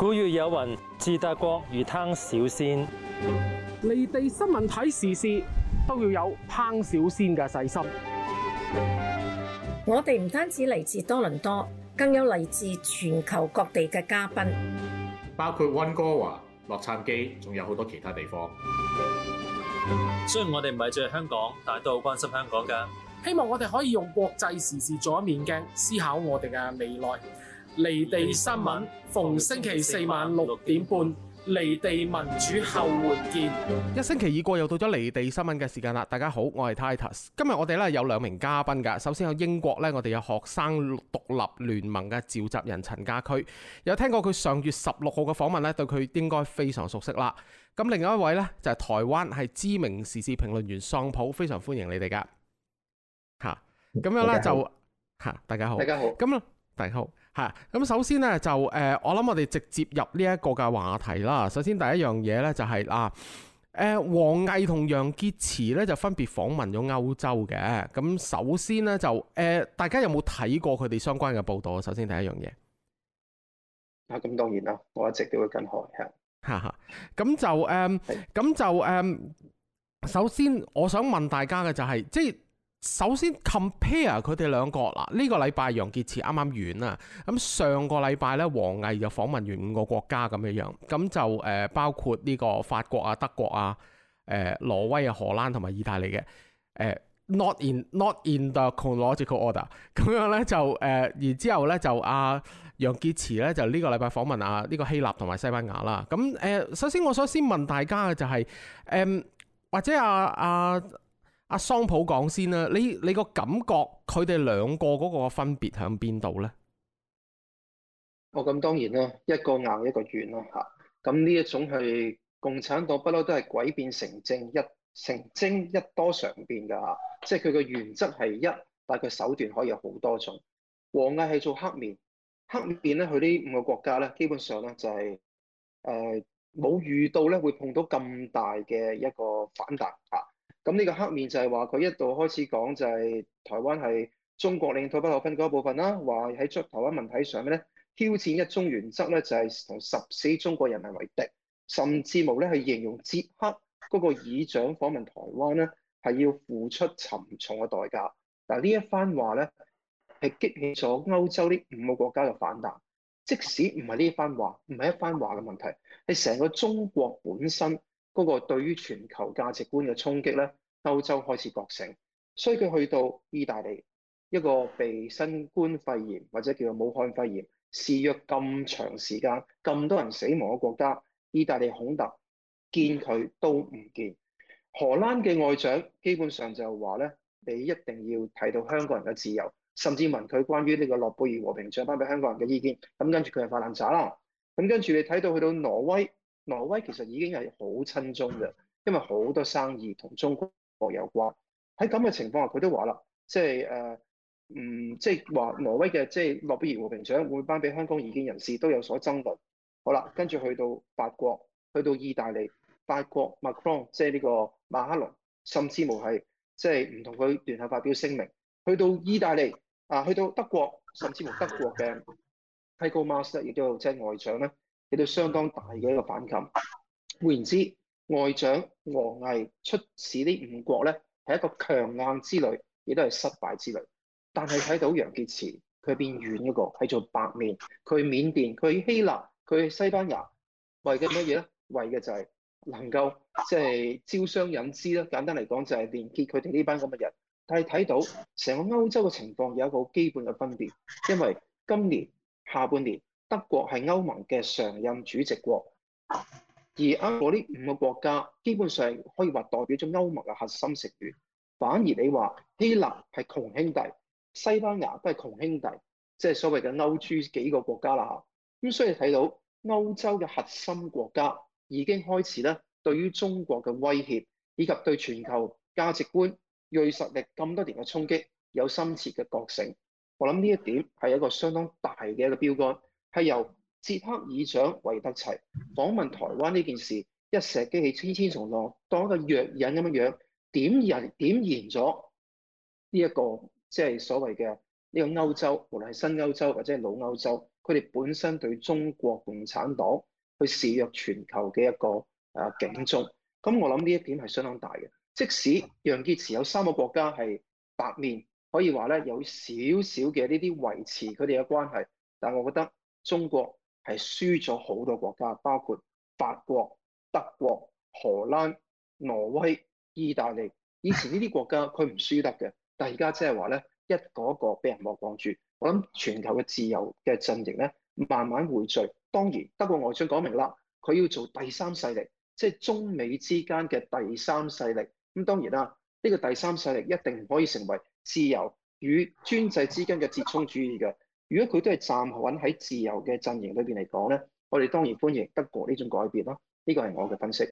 古語有云，治德國如烹小鮮。離地新聞睇時事，都要有烹小鮮嘅細心。我哋唔單止嚟自多倫多，更有嚟自全球各地嘅嘉賓，包括溫哥華、洛杉磯，仲有好多其他地方。雖然我哋唔係住喺香港，但係都好關心香港嘅。希望我哋可以用國際時事做一面鏡，思考我哋嘅未來。離地新聞，逢星期四晚六點半，離地民主後援見。一星期已過，又到咗離地新聞嘅時間啦！大家好，我係 Titus，今日我哋咧有兩名嘉賓噶。首先有英國咧，我哋有學生獨立聯盟嘅召集人陳家駒，有聽過佢上月十六號嘅訪問咧，對佢應該非常熟悉啦。咁另外一位呢，就係台灣係知名時事評論員桑普，非常歡迎你哋噶吓。咁樣啦就吓，大家好，大家好，咁大家好。係咁，首先咧就誒，我諗我哋直接入呢一個嘅話題啦。首先第一樣嘢咧就係、是、啊，誒，王毅同楊潔篪咧就分別訪問咗歐洲嘅。咁首先咧就誒，大家有冇睇過佢哋相關嘅報道？首先第一樣嘢啊，咁當然啦，我一直都會跟開哈哈，咁 就誒，咁、嗯、就誒、嗯，首先我想問大家嘅就係、是、即係。首先 compare 佢哋兩個啦，呢、這個禮拜楊潔篪啱啱完啊，咁上個禮拜咧，王毅就訪問完五個國家咁樣樣，咁就誒包括呢個法國啊、德國啊、誒、呃、挪威啊、荷蘭同埋意大利嘅，誒、呃、not in not in the chronological order，咁樣咧就誒、呃，然之後咧就阿、啊、楊潔篪咧就呢個禮拜訪問阿、啊、呢、這個希臘同埋西班牙啦，咁誒、呃、首先我想先問大家嘅就係、是，誒、呃、或者阿、啊、阿。啊阿、啊、桑普講先啦，你你個感覺佢哋兩個嗰個分別響邊度咧？哦，咁當然啦，一個硬一個軟咯嚇。咁呢一種係共產黨不嬲都係鬼變成精一成精一多常變㗎、啊，即係佢個原則係一，但係佢手段可以有好多種。王毅係做黑面，黑面咧佢呢五個國家咧，基本上咧就係誒冇遇到咧會碰到咁大嘅一個反彈嚇。啊。咁呢個黑面就係話佢一度開始講就係台灣係中國領土不可分嗰一部分啦，話喺出台灣問題上面咧挑戰一中原則咧就係同十四中國人民為敵，甚至無咧係形容捷克嗰個議長訪問台灣咧係要付出沉重嘅代價。嗱呢一番話咧係激起咗歐洲呢五個國家嘅反彈，即使唔係呢一番話，唔係一番話嘅問題，係成個中國本身。嗰個對於全球價值觀嘅衝擊咧，歐洲開始覺醒，所以佢去到意大利一個被新冠肺炎或者叫做武漢肺炎肆虐咁長時間、咁多人死亡嘅國家，意大利孔特見佢都唔見。荷蘭嘅外長基本上就話咧：你一定要睇到香港人嘅自由，甚至問佢關於呢個諾貝爾和平獎翻俾香港人嘅意見。咁跟住佢係發爛渣啦。咁跟住你睇到去到挪威。挪威其實已經係好親中嘅，因為好多生意同中國有關。喺咁嘅情況下，佢都話啦，即係誒，嗯，即係話挪威嘅即係諾貝爾和平獎會頒俾香港意見人士都有所爭論。好啦，跟住去到法國，去到意大利，法國 Macron 即係呢個馬克龍，甚至乎係即係唔同佢聯合發表聲明。去到意大利啊，去到德國，甚至乎德國嘅 t i g m a s t e r 亦都即係外長咧。亦都相當大嘅一個反感。換言之，外長王毅出使呢五國咧，係一個強硬之旅，亦都係失敗之旅。但係睇到楊潔篪，佢變軟一個，係做白面。佢緬甸，佢希臘，佢西班牙，為嘅乜嘢咧？為嘅就係能夠即係就係招商引資啦。簡單嚟講，就係連結佢哋呢班咁嘅人。但係睇到成個歐洲嘅情況有一個好基本嘅分別，因為今年下半年。德國係歐盟嘅常任主席國，而歐盟呢五個國家基本上可以話代表咗歐盟嘅核心成員。反而你話希臘係窮兄弟，西班牙都係窮兄弟，即係所謂嘅歐豬幾個國家啦嚇。咁所以你睇到歐洲嘅核心國家已經開始咧，對於中國嘅威脅以及對全球價值觀、銳實力咁多年嘅衝擊有深切嘅覺醒。我諗呢一點係一個相當大嘅一個標杆。係由捷克議長維特齊訪問台灣呢件事，一石激起千千重浪，當一個藥引咁樣樣點燃點燃咗呢一個即係所謂嘅呢個歐洲，無論係新歐洲或者係老歐洲，佢哋本身對中國共產黨去示弱全球嘅一個誒警鐘。咁我諗呢一點係相當大嘅。即使楊潔篪有三個國家係白面，可以話咧有少少嘅呢啲維持佢哋嘅關係，但係我覺得。中國係輸咗好多國家，包括法國、德國、荷蘭、挪威、意大利。以前呢啲國家佢唔輸得嘅，但係而家即係話咧，一個一個俾人莫望住。我諗全球嘅自由嘅陣營咧，慢慢匯聚。當然，德國外長講明啦，佢要做第三勢力，即係中美之間嘅第三勢力。咁當然啦，呢個第三勢力一定唔可以成為自由與專制之間嘅折衷主義嘅。如果佢都係站穩喺自由嘅陣營裏邊嚟講，呢我哋當然歡迎德國呢種改變咯。呢個係我嘅分析。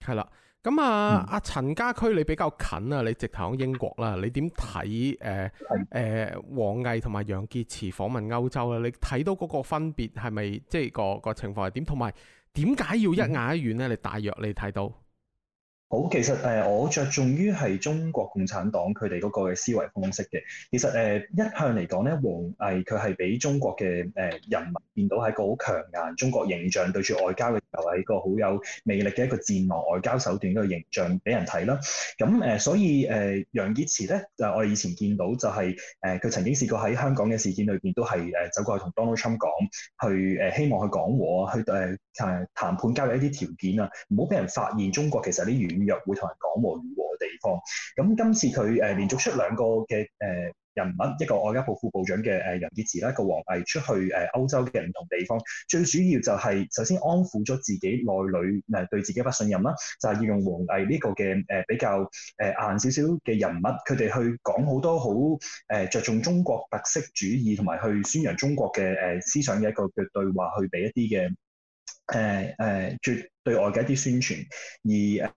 係啦，咁啊啊、嗯、陳家駒，你比較近啊，你直頭響英國啦。你點睇？誒、呃、誒、呃，王毅同埋楊潔篪訪問歐洲啦，你睇到嗰個分別係咪即係個個情況係點？同埋點解要一眼一遠呢？你大約你睇到？好，其實誒、呃、我着重於係中國共產黨佢哋嗰個嘅思維方式嘅。其實誒、呃、一向嚟講咧，王毅佢係俾中國嘅誒人民見到係個好強硬中國形象，對住外交嘅時候係一個好有魅力嘅一個戰狼外交手段一個形象俾人睇啦。咁誒、呃、所以誒、呃、楊潔篪咧，就我哋以前見到就係誒佢曾經試過喺香港嘅事件裏邊都係誒走過去同 Donald Trump 講，去誒、呃、希望去講和，去誒談、呃、談判交易一啲條件啊，唔好俾人發現中國其實啲軟。若會同人講和與和嘅地方，咁今次佢誒連續出兩個嘅誒人物，一個外交部副部長嘅誒楊潔篪啦，一個王毅出去誒歐洲嘅唔同地方，最主要就係首先安撫咗自己內裏誒對自己不信任啦，就係、是、要用王毅呢個嘅誒比較誒硬少少嘅人物，佢哋去講好多好誒着重中國特色主義同埋去宣揚中國嘅誒思想嘅一個嘅對話，去俾一啲嘅誒誒絕對外嘅一啲宣傳而。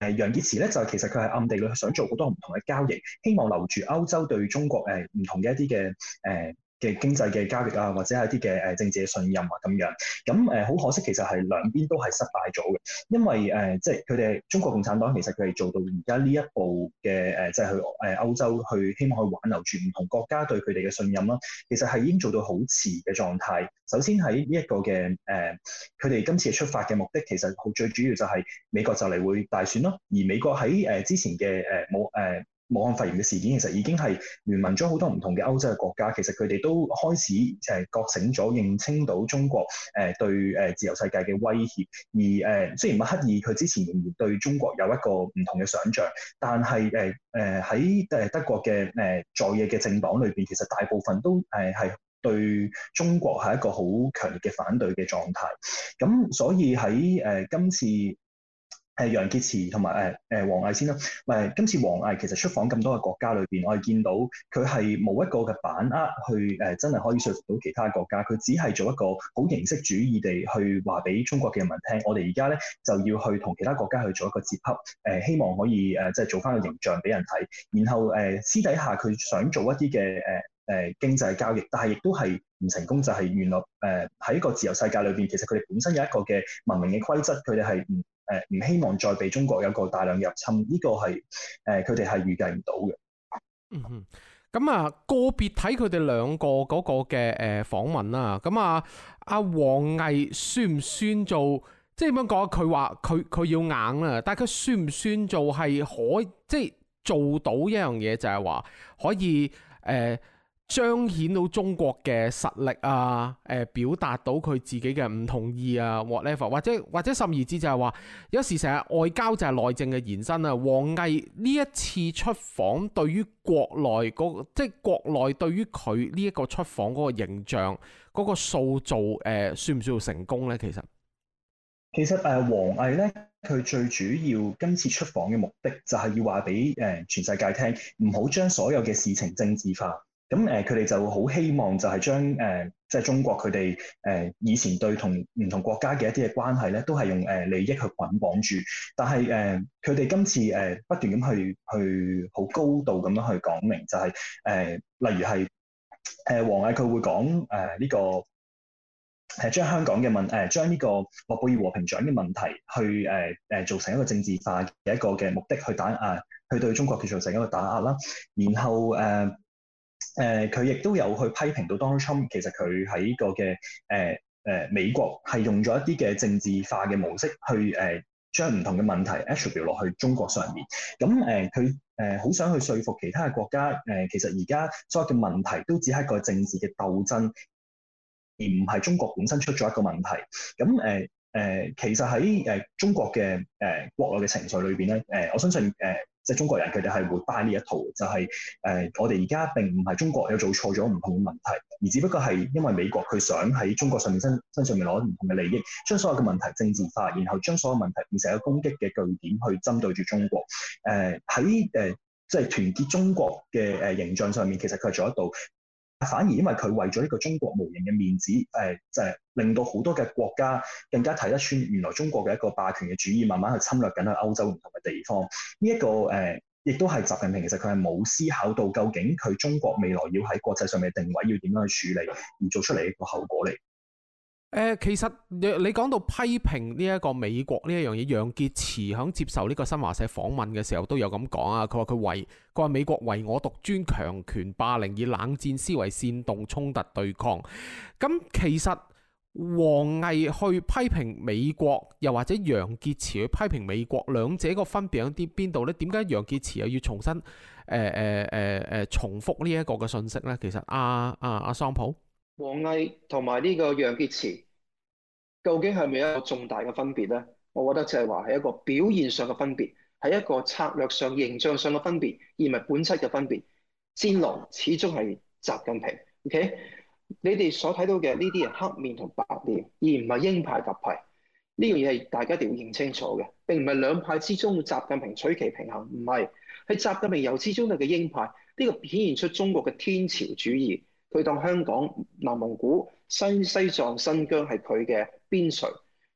誒，楊潔篪咧就係其實佢係暗地裏想做好多唔同嘅交易，希望留住歐洲對中國誒唔、呃、同嘅一啲嘅誒。呃嘅經濟嘅交易啊，或者係一啲嘅誒政治嘅信任啊，咁樣咁誒好可惜，其實係兩邊都係失敗咗嘅，因為誒即係佢哋中國共產黨其實佢係做到而家呢一步嘅誒，即、呃、係、就是、去誒歐洲去希望去挽留住唔同國家對佢哋嘅信任啦、啊。其實係已經做到好遲嘅狀態。首先喺呢一個嘅誒，佢、呃、哋今次出發嘅目的其實最主要就係美國就嚟會大選咯，而美國喺誒、呃、之前嘅誒冇誒。呃呃武漢肺炎嘅事件其實已經係聯盟咗好多唔同嘅歐洲嘅國家，其實佢哋都開始誒覺醒咗，認清到中國誒對誒自由世界嘅威脅。而誒雖然默克爾佢之前仍然對中國有一個唔同嘅想像，但係誒誒喺誒德國嘅誒、呃、在野嘅政黨裏邊，其實大部分都誒係對中國係一個好強烈嘅反對嘅狀態。咁所以喺誒、呃、今次。係、呃、楊潔篪同埋誒誒王毅先啦。誒、呃、今次王毅其實出訪咁多嘅國家裏邊，我哋見到佢係冇一個嘅把握去誒、呃，真係可以説服到其他國家。佢只係做一個好形式主義地去話俾中國嘅人民聽，我哋而家咧就要去同其他國家去做一個接洽，誒、呃、希望可以誒、呃、即係做翻個形象俾人睇，然後誒、呃、私底下佢想做一啲嘅誒誒經濟交易，但係亦都係唔成功。就係、是、原來誒喺、呃、一個自由世界裏邊，其實佢哋本身有一個嘅文明嘅規則，佢哋係唔。誒，唔希望再被中國有個大量入侵，呢個係誒，佢哋係預計唔到嘅。嗯哼，咁啊，個別睇佢哋兩個嗰個嘅誒訪問啦，咁啊，阿王毅算唔算做？即係點樣講？佢話佢佢要硬啊，但係佢算唔算做係可？即係做到一樣嘢，就係話可以誒。呃彰顯到中國嘅實力啊！誒、呃，表達到佢自己嘅唔同意啊，whatever，或者或者甚而之就係話，有時成日外交就係內政嘅延伸啦。王毅呢一次出訪，即國內對於國內即係國內對於佢呢一個出訪嗰個形象嗰、嗰個塑造誒，算唔算成功呢？其實其實誒、呃，王毅呢，佢最主要今次出訪嘅目的就係要話俾誒全世界聽，唔好將所有嘅事情政治化。咁誒，佢哋就好希望就係將誒，即、呃、係、就是、中國佢哋誒以前對同唔同國家嘅一啲嘅關係咧，都係用誒、呃、利益去捆綁，綁住。但係誒，佢、呃、哋今次誒、呃、不斷咁去去好高度咁樣去講明，就係、是、誒、呃，例如係誒、呃、王毅佢會講誒呢、呃這個係、呃、將香港嘅問誒將呢個諾貝爾和平獎嘅問題去誒誒做成一個政治化嘅一個嘅目的去打壓，去對中國佢造成一個打壓啦。然後誒。呃呃誒，佢、呃、亦都有去批評到 Donald Trump，其實佢喺個嘅誒誒美國係用咗一啲嘅政治化嘅模式去誒、呃、將唔同嘅問題 attribute 落去中國上面。咁、嗯、誒，佢誒好想去説服其他嘅國家誒、呃，其實而家所有嘅問題都只係一個政治嘅鬥爭，而唔係中國本身出咗一個問題。咁誒誒，其實喺誒、呃、中國嘅誒、呃、國內嘅情緒裏邊咧，誒、呃、我相信誒。呃即係中國人，佢哋係會 buy 呢一套，就係、是、誒、呃，我哋而家並唔係中國有做錯咗唔同嘅問題，而只不過係因為美國佢想喺中國上面身身上面攞唔同嘅利益，將所有嘅問題政治化，然後將所有問題變成一個攻擊嘅據點去針對住中國。誒喺誒即係團結中國嘅誒形象上面，其實佢係做得到。反而因為佢為咗呢個中國模型嘅面子，誒、呃，就係、是、令到好多嘅國家更加睇得穿原來中國嘅一個霸權嘅主義，慢慢去侵略緊喺歐洲唔同嘅地方。呢、這、一個誒、呃，亦都係習近平其實佢係冇思考到究竟佢中國未來要喺國際上面定位要點樣去處理，而做出嚟一個後果嚟。誒，其實若你講到批評呢一個美國呢一樣嘢，楊潔篪響接受呢個《新華社》訪問嘅時候都有咁講啊，佢話佢為佢話美國唯我獨尊、強權霸凌，以冷戰思維煽動衝突對抗。咁其實王毅去批評美國，又或者楊潔篪去批評美國，兩者個分別喺啲邊度呢？點解楊潔篪又要重新誒誒誒誒重複呢一個嘅信息呢？其實阿阿阿桑普、王毅同埋呢個楊潔篪。究竟係咪一個重大嘅分別咧？我覺得就係話係一個表現上嘅分別，係一個策略上、形象上嘅分別，而唔係本質嘅分別。戰狼始終係習近平，OK？你哋所睇到嘅呢啲係黑面同白面，而唔係鷹派及派，呢樣嘢係大家一定要認清楚嘅。並唔係兩派之中，習近平取其平衡，唔係喺習近平由之中立嘅鷹派，呢、呢個顯現出中國嘅天朝主義，佢當香港、南蒙古。西西藏新疆係佢嘅邊陲，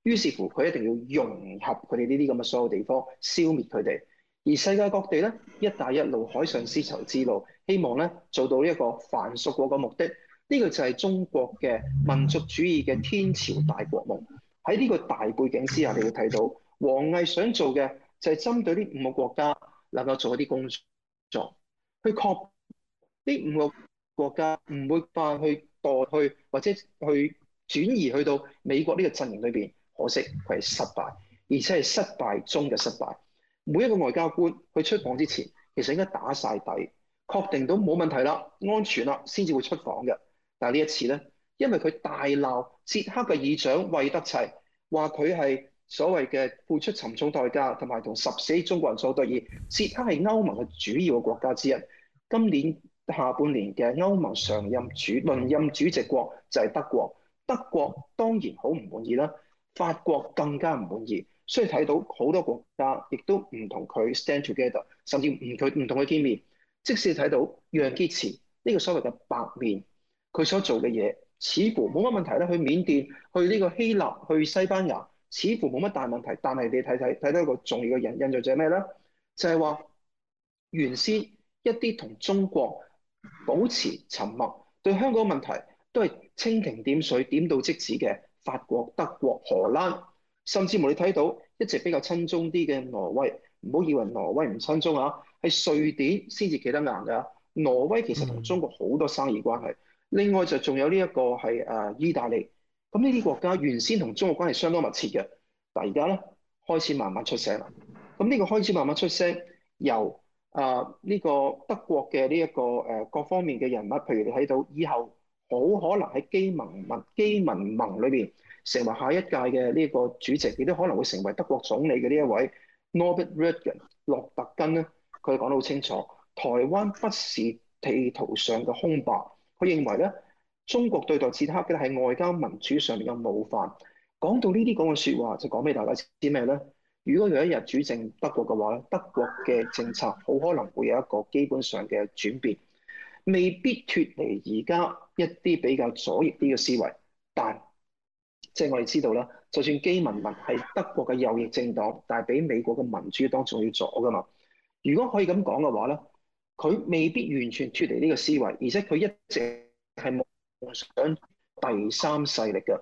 於是乎佢一定要融合佢哋呢啲咁嘅所有地方，消滅佢哋。而世界各地咧，「一帶一路」、海上絲綢之路，希望咧做到一個藩屬國嘅目的。呢、這個就係中國嘅民族主義嘅天朝大國夢。喺呢個大背景之下，你會睇到王毅想做嘅就係針對呢五個國家，能夠做一啲工作，去確保呢五個國家唔會化去。代去或者去轉移去到美國呢個陣營裏邊，可惜佢係失敗，而且係失敗中嘅失敗。每一個外交官去出訪之前，其實應該打晒底，確定到冇問題啦、安全啦，先至會出訪嘅。但係呢一次呢，因為佢大鬧捷克嘅議長魏德齊，話佢係所謂嘅付出沉重代價，同埋同十四億中國人做對義。捷克係歐盟嘅主要嘅國家之一，今年。下半年嘅歐盟常任主、輪任主席國就係德國，德國當然好唔滿意啦，法國更加唔滿意，所以睇到好多國家亦都唔同佢 stand together，甚至唔佢唔同佢見面。即使睇到楊潔篪呢個所謂嘅白面，佢所做嘅嘢似乎冇乜問題啦。去緬甸、去呢個希臘、去西班牙，似乎冇乜大問題。但係你睇睇睇到一個重要嘅印印象就係咩咧？就係、是、話原先一啲同中國，保持沉默，對香港問題都係蜻蜓點水，點到即止嘅。法國、德國、荷蘭，甚至乎你睇到一直比較親中啲嘅挪威，唔好以為挪威唔親中啊，係瑞典先至企得硬噶。挪威其實同中國好多生意關係，另外就仲有呢一個係誒意大利，咁呢啲國家原先同中國關係相當密切嘅，但而家咧開始慢慢出聲啦。咁呢個開始慢慢出聲，由啊！呢、這個德國嘅呢一個誒各方面嘅人物，譬如你睇到，以後好可能喺基盟、盟、民基民盟裏邊成為下一屆嘅呢個主席，亦都可能會成為德國總理嘅呢一位 Norbert Röttgen 洛特根咧，佢講得好清楚，台灣不是地圖上嘅空白。佢認為咧，中國對待捷克嘅係外交民主上面嘅冒犯。講到呢啲講嘅説話，就講俾大家知咩咧？如果有一日主政德國嘅話，咧，德國嘅政策好可能會有一個基本上嘅轉變，未必脫離而家一啲比較左翼啲嘅思維。但即係、就是、我哋知道啦，就算基民盟係德國嘅右翼政黨，但係比美國嘅民主黨仲要左噶嘛。如果可以咁講嘅話，咧，佢未必完全脫離呢個思維，而且佢一直係夢想第三勢力嘅，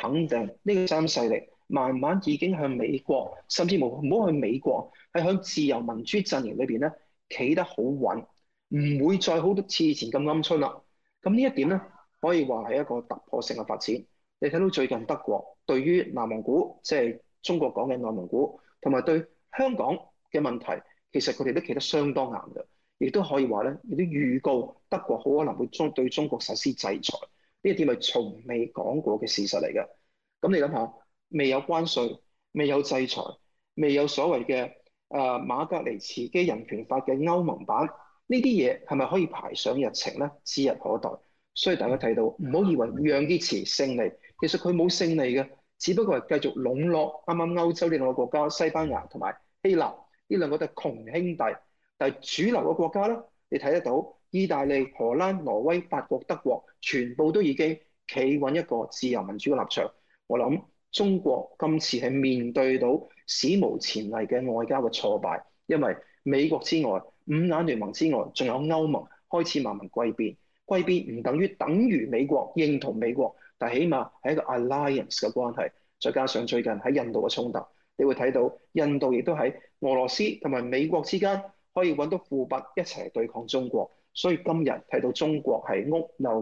肯定呢個三勢力。慢慢已經向美國，甚至冇唔好去美國，係向自由民主陣營裏邊咧，企得好穩，唔會再好似以前咁鵪鶉啦。咁呢一點咧，可以話係一個突破性嘅發展。你睇到最近德國對於南蒙古，即係中國講嘅內蒙古，同埋對香港嘅問題，其實佢哋都企得相當硬嘅，亦都可以話咧，有啲預告，德國好可能會中對中國實施制裁，呢一點係從未講過嘅事實嚟嘅。咁你諗下？未有關稅，未有制裁，未有所謂嘅誒、呃、馬格尼茨基人權法嘅歐盟版呢啲嘢係咪可以排上日程呢？指日可待。所以大家睇到唔好以為讓啲詞勝利，其實佢冇勝利嘅，只不過係繼續籠絡啱啱歐洲呢兩個國家，西班牙同埋希臘呢兩個都係窮兄弟。但係主流嘅國家呢，你睇得到意大利、荷蘭、挪威、法國、德國，全部都已經企穩一個自由民主嘅立場。我諗。中國今次係面對到史無前例嘅外交嘅挫敗，因為美國之外，五眼聯盟之外，仲有歐盟開始慢慢歸邊。歸邊唔等於等於美國認同美國，但起碼係一個 alliance 嘅關係。再加上最近喺印度嘅衝突，你會睇到印度亦都喺俄羅斯同埋美國之間可以揾到夥伴一齊對抗中國。所以今日睇到中國係屋漏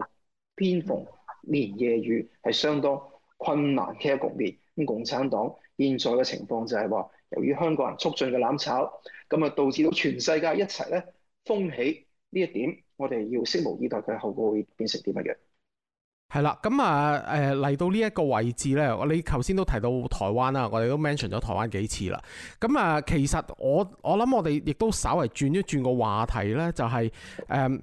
偏逢連夜雨，係相當困難嘅局面咁，共產黨現在嘅情況就係話，由於香港人促進嘅攬炒，咁啊導致到全世界一齊咧封起呢一點，我哋要拭目以待佢後果會變成啲乜嘢？係啦，咁啊誒嚟到呢一個位置咧，我哋頭先都提到台灣啦，我哋都 mention 咗台灣幾次啦。咁啊、呃，其實我我諗我哋亦都稍為轉一轉個話題咧、就係呃，就係誒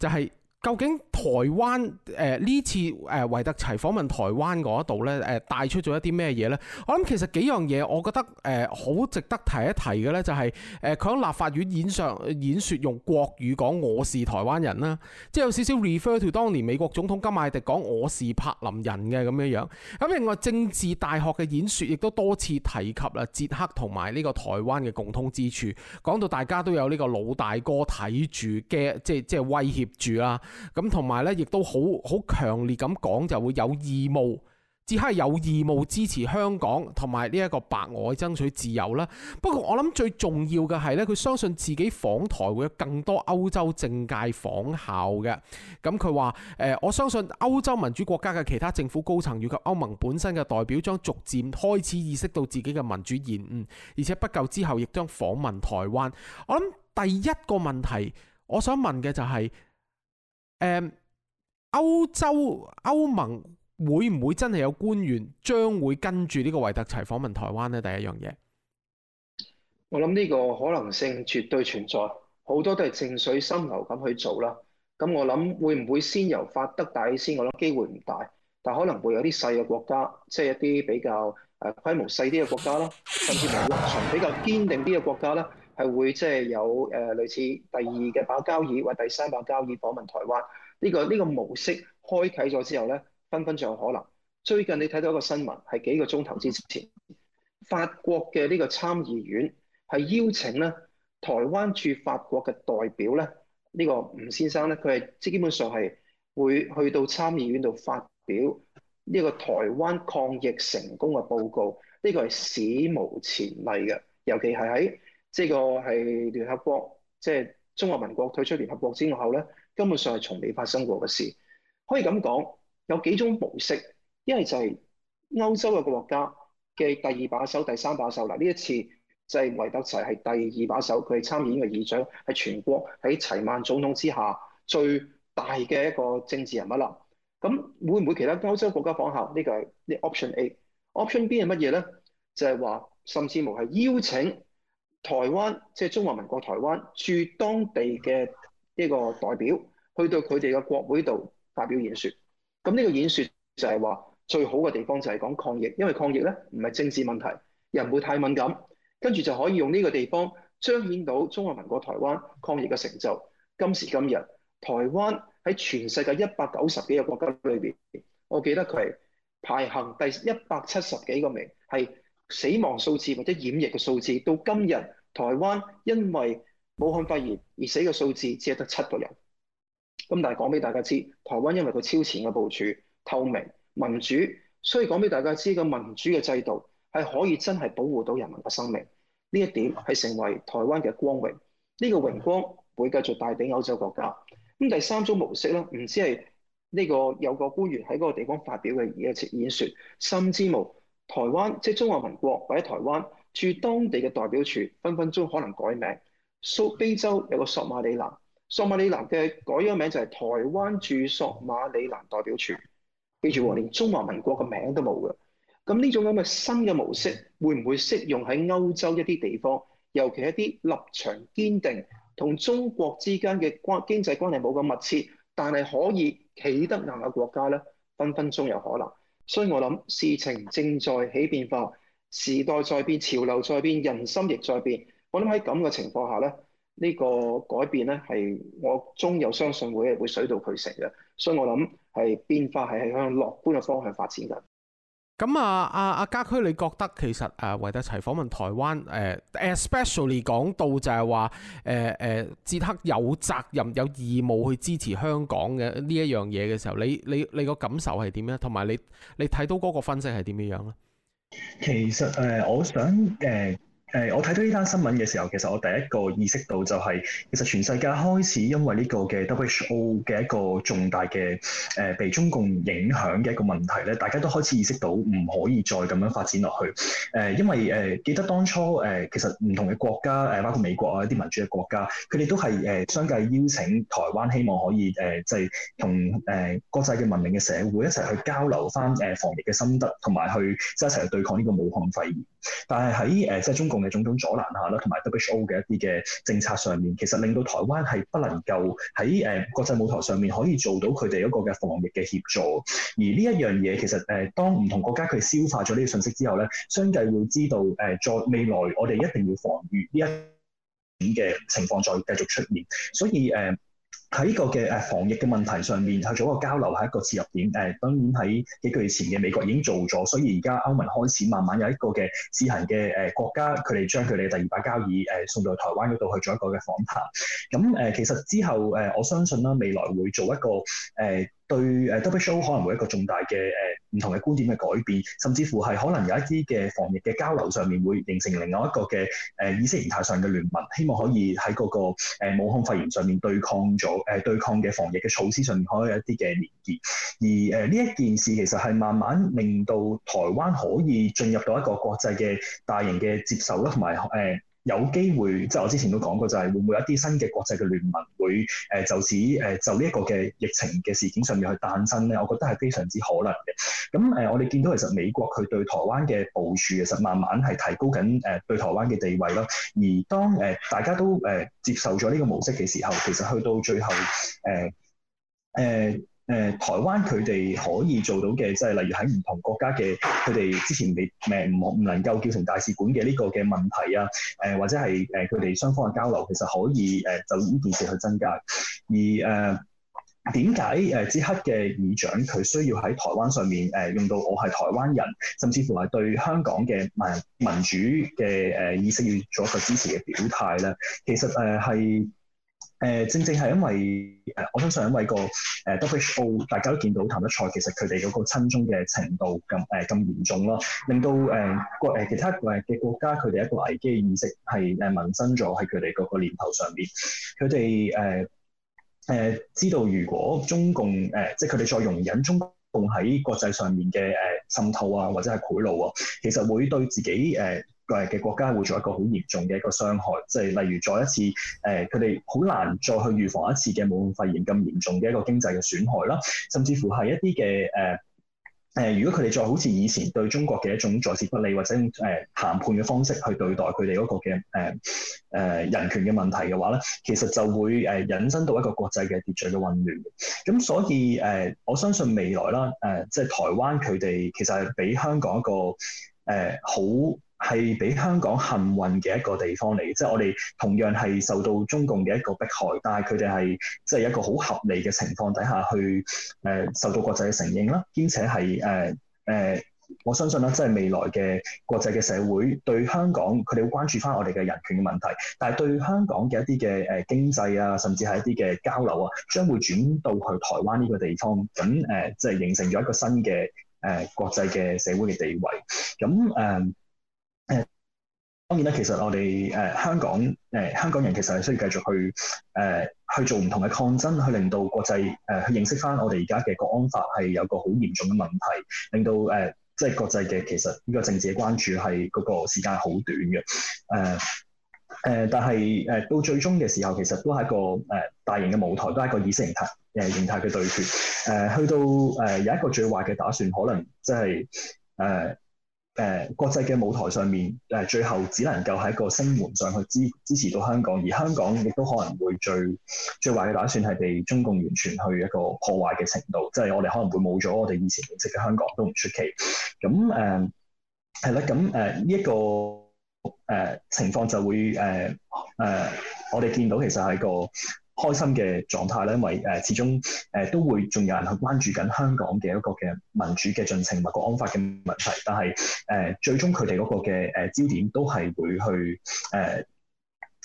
就係。究竟台灣誒呢、呃、次誒、呃、維特齊訪問台灣嗰度咧誒帶出咗一啲咩嘢呢？我諗其實幾樣嘢，我覺得誒好、呃、值得提一提嘅呢、就是，就係誒佢喺立法院演上演説用國語講我是台灣人啦，即係有少少 refer 到當年美國總統甘迺迪講我是柏林人嘅咁樣樣。咁另外政治大學嘅演説亦都多次提及啦捷克同埋呢個台灣嘅共通之處，講到大家都有呢個老大哥睇住嘅，即係即係威脅住啦、啊。咁同埋咧，亦都好好強烈咁講，就會有義務，只係有義務支持香港同埋呢一個白俄爭取自由啦。不過我諗最重要嘅係呢，佢相信自己訪台會有更多歐洲政界仿效嘅。咁佢話誒，我相信歐洲民主國家嘅其他政府高層以及歐盟本身嘅代表將逐漸開始意識到自己嘅民主現象，而且不久之後亦將訪問台灣。我諗第一個問題，我想問嘅就係、是。誒，歐、um, 洲歐盟會唔會真係有官員將會跟住呢個維特齊訪問台灣呢？第一樣嘢，我諗呢個可能性絕對存在，好多都係靜水深流咁去做啦。咁我諗會唔會先由法德大先？我諗機會唔大，但可能會有啲細嘅國家，即係一啲比較誒規模細啲嘅國家啦，甚至乎立場比較堅定啲嘅國家啦。係會即係有誒類似第二嘅把交椅或第三把交椅訪問台灣，呢個呢個模式開啓咗之後咧，分分鐘仲有可能。最近你睇到一個新聞，係幾個鐘頭之前，法國嘅呢個參議院係邀請咧台灣駐法國嘅代表咧，呢個吳先生咧，佢係即係基本上係會去到參議院度發表呢個台灣抗疫成功嘅報告。呢個係史無前例嘅，尤其係喺。即係個係聯合國，即、就、係、是、中華民國退出聯合國之後咧，根本上係從未發生過嘅事。可以咁講，有幾種模式，一係就係歐洲嘅國家嘅第二把手、第三把手嗱，呢一次就係維特齊係第二把手，佢係參議院嘅議長，係全國喺齊曼總統之下最大嘅一個政治人物啦。咁會唔會其他歐洲國家仿效？這個、option A, option 呢個係呢 option A，option B 係乜嘢咧？就係、是、話甚至無係邀請。台灣即係中華民國台灣駐當地嘅一個代表，去到佢哋嘅國會度發表演說。咁呢個演說就係話最好嘅地方就係講抗疫，因為抗疫咧唔係政治問題，又唔會太敏感，跟住就可以用呢個地方彰顯到中華民國台灣抗疫嘅成就。今時今日，台灣喺全世界一百九十幾個國家裏邊，我記得佢係排行第一百七十幾個名，係死亡數字或者染疫嘅數字到今日。台灣因為武漢肺炎而死嘅數字只係得七個人，咁但係講俾大家知，台灣因為佢超前嘅部署、透明、民主，所以講俾大家知，個民主嘅制度係可以真係保護到人民嘅生命。呢一點係成為台灣嘅光榮，呢、這個榮光會繼續帶俾歐洲國家。咁第三種模式咧，唔知係呢個有個官員喺嗰個地方發表嘅演演説，甚至無台灣，即係中華民國或者台灣。住當地嘅代表處，分分鐘可能改名。蘇非洲有個索馬里蘭，索馬里蘭嘅改咗名就係台灣住索馬里蘭代表處。記住喎，連中華民國嘅名都冇嘅。咁呢種咁嘅新嘅模式，會唔會適用喺歐洲一啲地方，尤其一啲立場堅定同中國之間嘅關經濟關係冇咁密切，但係可以企得硬嘅國家咧？分分鐘有可能。所以我諗事情正在起變化。時代在變，潮流在變，人心亦在變。我諗喺咁嘅情況下呢，呢、呢個改變呢，係我終有相信會係會水到渠成嘅。所以我諗係變化係向樂觀嘅方向發展緊。咁啊啊啊家區，你覺得其實誒、啊、維特齊訪問台灣誒、呃、especially 講到就係話誒誒捷克有責任有義務去支持香港嘅呢一樣嘢嘅時候，你你你個感受係點咧？同埋你你睇到嗰個分析係點嘅樣咧？其實誒、呃，我想誒。呃誒、呃，我睇到呢單新聞嘅時候，其實我第一個意識到就係、是、其實全世界開始因為呢個嘅 WHO 嘅一個重大嘅誒、呃、被中共影響嘅一個問題咧，大家都開始意識到唔可以再咁樣發展落去。誒、呃，因為誒、呃、記得當初誒、呃、其實唔同嘅國家誒，包括美國啊一啲民主嘅國家，佢哋都係誒、呃、相繼邀請台灣，希望可以誒即係同誒國際嘅文明嘅社會一齊去交流翻誒防疫嘅心得，同埋去即係、就是、一齊去對抗呢個武漢肺炎。但係喺誒即係中共嘅種種阻攔下啦，同埋 WHO 嘅一啲嘅政策上面，其實令到台灣係不能夠喺誒、呃、國際舞台上面可以做到佢哋一個嘅防疫嘅協助。而呢一樣嘢其實誒、呃，當唔同國家佢消化咗呢個信息之後咧，相繼會知道誒、呃，在未來我哋一定要防禦呢一啲嘅情況再繼續出現。所以誒、呃喺個嘅誒防疫嘅問題上面去做一個交流係一個切入點，誒、呃、當然喺幾個月前嘅美國已經做咗，所以而家歐盟開始慢慢有一個嘅自行嘅誒國家，佢哋將佢哋嘅第二把交椅誒送到台灣嗰度去做一個嘅訪談，咁誒、呃、其實之後誒、呃、我相信啦，未來會做一個誒。呃對誒 WHO 可能會一個重大嘅誒唔同嘅觀點嘅改變，甚至乎係可能有一啲嘅防疫嘅交流上面會形成另外一個嘅誒意識形態上嘅聯盟，希望可以喺嗰個武漢肺炎上面對抗咗誒對抗嘅防疫嘅措施上面可以有一啲嘅連結。而誒呢一件事其實係慢慢令到台灣可以進入到一個國際嘅大型嘅接受啦，同埋誒。呃有機會，即係我之前都講過，就係、是、會唔會有一啲新嘅國際嘅聯盟會誒就此誒就呢一個嘅疫情嘅事件上面去誕生咧？我覺得係非常之可能嘅。咁誒，我哋見到其實美國佢對台灣嘅部署其實慢慢係提高緊誒對台灣嘅地位咯。而當誒大家都誒接受咗呢個模式嘅時候，其實去到最後誒誒。呃呃誒台灣佢哋可以做到嘅，即係例如喺唔同國家嘅佢哋之前未誒唔唔能夠叫成大使館嘅呢個嘅問題啊，誒或者係誒佢哋雙方嘅交流，其實可以誒就呢件事去增加。而誒點解誒捷克嘅議長佢需要喺台灣上面誒用到我係台灣人，甚至乎係對香港嘅民民主嘅誒意識要做一個支持嘅表態咧？其實誒係。呃誒正正係因為誒，我相信因為個誒 WHO，大家都見到譚德塞，其實佢哋嗰個親中嘅程度咁誒咁嚴重咯，令到誒國誒其他國嘅國家，佢哋一個危機意識係誒萌生咗喺佢哋嗰個念頭上面。佢哋誒誒知道如果中共誒、呃，即係佢哋再容忍中共喺國際上面嘅誒、呃、滲透啊，或者係賄賂啊，其實會對自己誒。呃嘅嘅國家會做一個好嚴重嘅一個傷害，即係例如再一次，誒佢哋好難再去預防一次嘅武漢肺炎咁嚴重嘅一個經濟嘅損害啦，甚至乎係一啲嘅誒誒，如果佢哋再好似以前對中國嘅一種在涉不利或者誒、呃、談判嘅方式去對待佢哋嗰個嘅誒誒人權嘅問題嘅話咧，其實就會誒、呃、引申到一個國際嘅秩序嘅混亂，咁所以誒、呃，我相信未來啦，誒、呃、即係台灣佢哋其實係比香港一個誒、呃、好。係比香港幸運嘅一個地方嚟，即係我哋同樣係受到中共嘅一個迫害，但係佢哋係即係一個好合理嘅情況底下去誒、呃、受到國際嘅承認啦，兼且係誒誒，我相信啦，即係未來嘅國際嘅社會對香港佢哋會關注翻我哋嘅人權嘅問題，但係對香港嘅一啲嘅誒經濟啊，甚至係一啲嘅交流啊，將會轉到去台灣呢個地方，咁誒即係形成咗一個新嘅誒國際嘅社會嘅地位，咁誒。呃當然咧，其實我哋誒香港誒香港人，其實係需要繼續去誒、呃、去做唔同嘅抗爭，去令到國際誒、呃、去認識翻我哋而家嘅國安法係有個好嚴重嘅問題，令到誒即係國際嘅其實呢個政治嘅關注係嗰個時間好短嘅誒誒，但係誒、呃、到最終嘅時候，其實都係一個誒、呃、大型嘅舞台，都係一個意識形態誒、呃、形態嘅對決誒、呃，去到誒有、呃、一個最壞嘅打算，可能即係誒。呃誒國際嘅舞台上面，誒最後只能夠喺個聲援上去支支持到香港，而香港亦都可能會最最壞嘅打算係被中共完全去一個破壞嘅程度，即係我哋可能會冇咗我哋以前認識嘅香港都唔出奇。咁誒係啦，咁誒呢一個誒情況就會誒誒、嗯嗯，我哋見到其實係個開心嘅狀態咧，因為誒、呃、始終誒都會仲有人去關注緊香港嘅一個嘅民主嘅進程，或國安法嘅問題。但係誒、呃、最終佢哋嗰個嘅誒焦點都係會去誒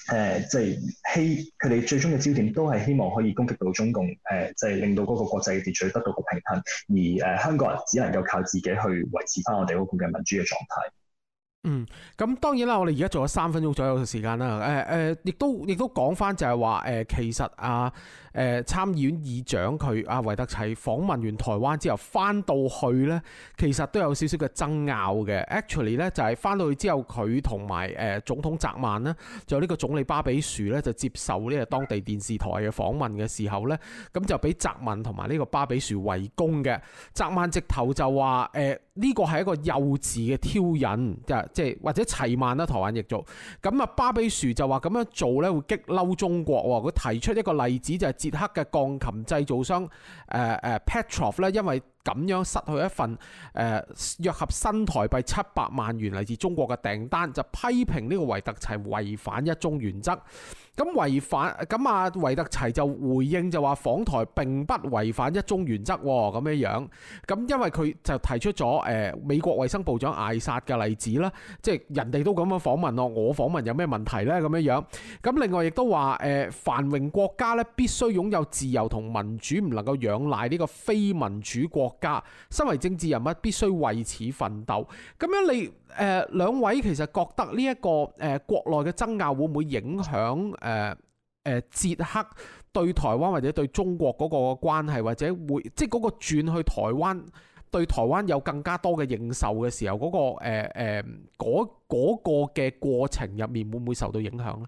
誒，即係希佢哋最終嘅焦點都係希望可以攻擊到中共誒，即、呃、係、就是、令到嗰個國際秩序得到個平衡，而誒、呃、香港人只能夠靠自己去維持返我哋嗰個嘅民主嘅狀態。嗯，咁當然啦，我哋而家做咗三分鐘左右嘅時間啦，誒、呃、誒、呃，亦都亦都講翻就係話，誒、呃，其實啊。誒、呃、參議院議長佢阿、啊、維特齊訪問完台灣之後翻到去呢，其實都有少少嘅爭拗嘅。Actually 呢就係翻到去之後，佢同埋誒總統澤曼呢，就呢個總理巴比樹呢，就接受呢個當地電視台嘅訪問嘅時候呢，咁就俾澤曼同埋呢個巴比樹圍攻嘅。澤曼直頭就話誒呢個係一個幼稚嘅挑釁，即、就、係、是、或者齊曼啦，台灣亦做。咁啊，巴比樹就話咁樣做呢，會激嬲中國喎。佢、呃、提出一個例子就係、是。捷克嘅鋼琴製造商誒誒 Petrov 咧，因為咁樣失去一份誒、呃、約合新台幣七百萬元嚟自中國嘅訂單，就批評呢個維特齊違反一中原則。咁違反咁啊，維特齊就回應就話訪台並不違反一中原則喎，咁、哦、樣樣。咁因為佢就提出咗誒、呃、美國衞生部長艾薩嘅例子啦，即、就、係、是、人哋都咁樣訪問我，我訪問有咩問題呢？」咁樣樣。咁另外亦都話誒繁榮國家咧必須擁有自由同民主，唔能夠仰賴呢個非民主國。家身為政治人物，必須為此奮鬥。咁樣你誒兩、呃、位其實覺得呢、這、一個誒、呃、國內嘅爭拗會唔會影響誒誒捷克對台灣或者對中國嗰個關係，或者會即係嗰個轉去台灣對台灣有更加多嘅認受嘅時候，嗰、那個誒誒、呃呃那個嘅過程入面會唔會受到影響咧？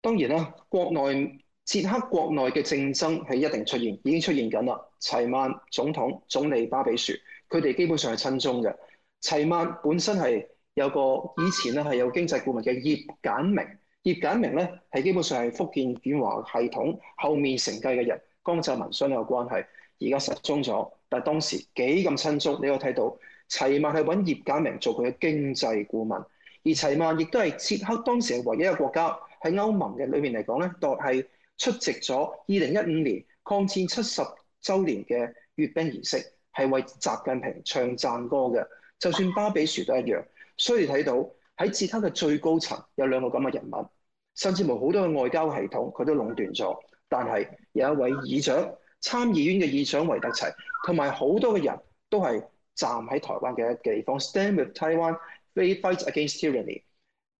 當然啦，國內。捷克國內嘅競爭係一定出現，已經出現緊啦。齊曼總統、總理巴比斯，佢哋基本上係親中嘅。齊曼本身係有個以前咧係有經濟顧問嘅葉簡明，葉簡明咧係基本上係福建遠華系統後面承繼嘅人，江澤民相有關係。而家失蹤咗，但係當時幾咁親中，你又睇到齊曼係揾葉簡明做佢嘅經濟顧問，而齊曼亦都係捷克當時唯一嘅國家喺歐盟嘅裏面嚟講咧，都係。出席咗二零一五年抗戰七十週年嘅閱兵儀式，係為習近平唱讚歌嘅。就算巴比殊都一樣，所以睇到喺捷克嘅最高層有兩個咁嘅人物，甚至乎好多嘅外交系統佢都壟斷咗。但係有一位議長，參議院嘅議長維特齊，同埋好多嘅人都係站喺台灣嘅地方。Stand with Taiwan, face fight against tyranny。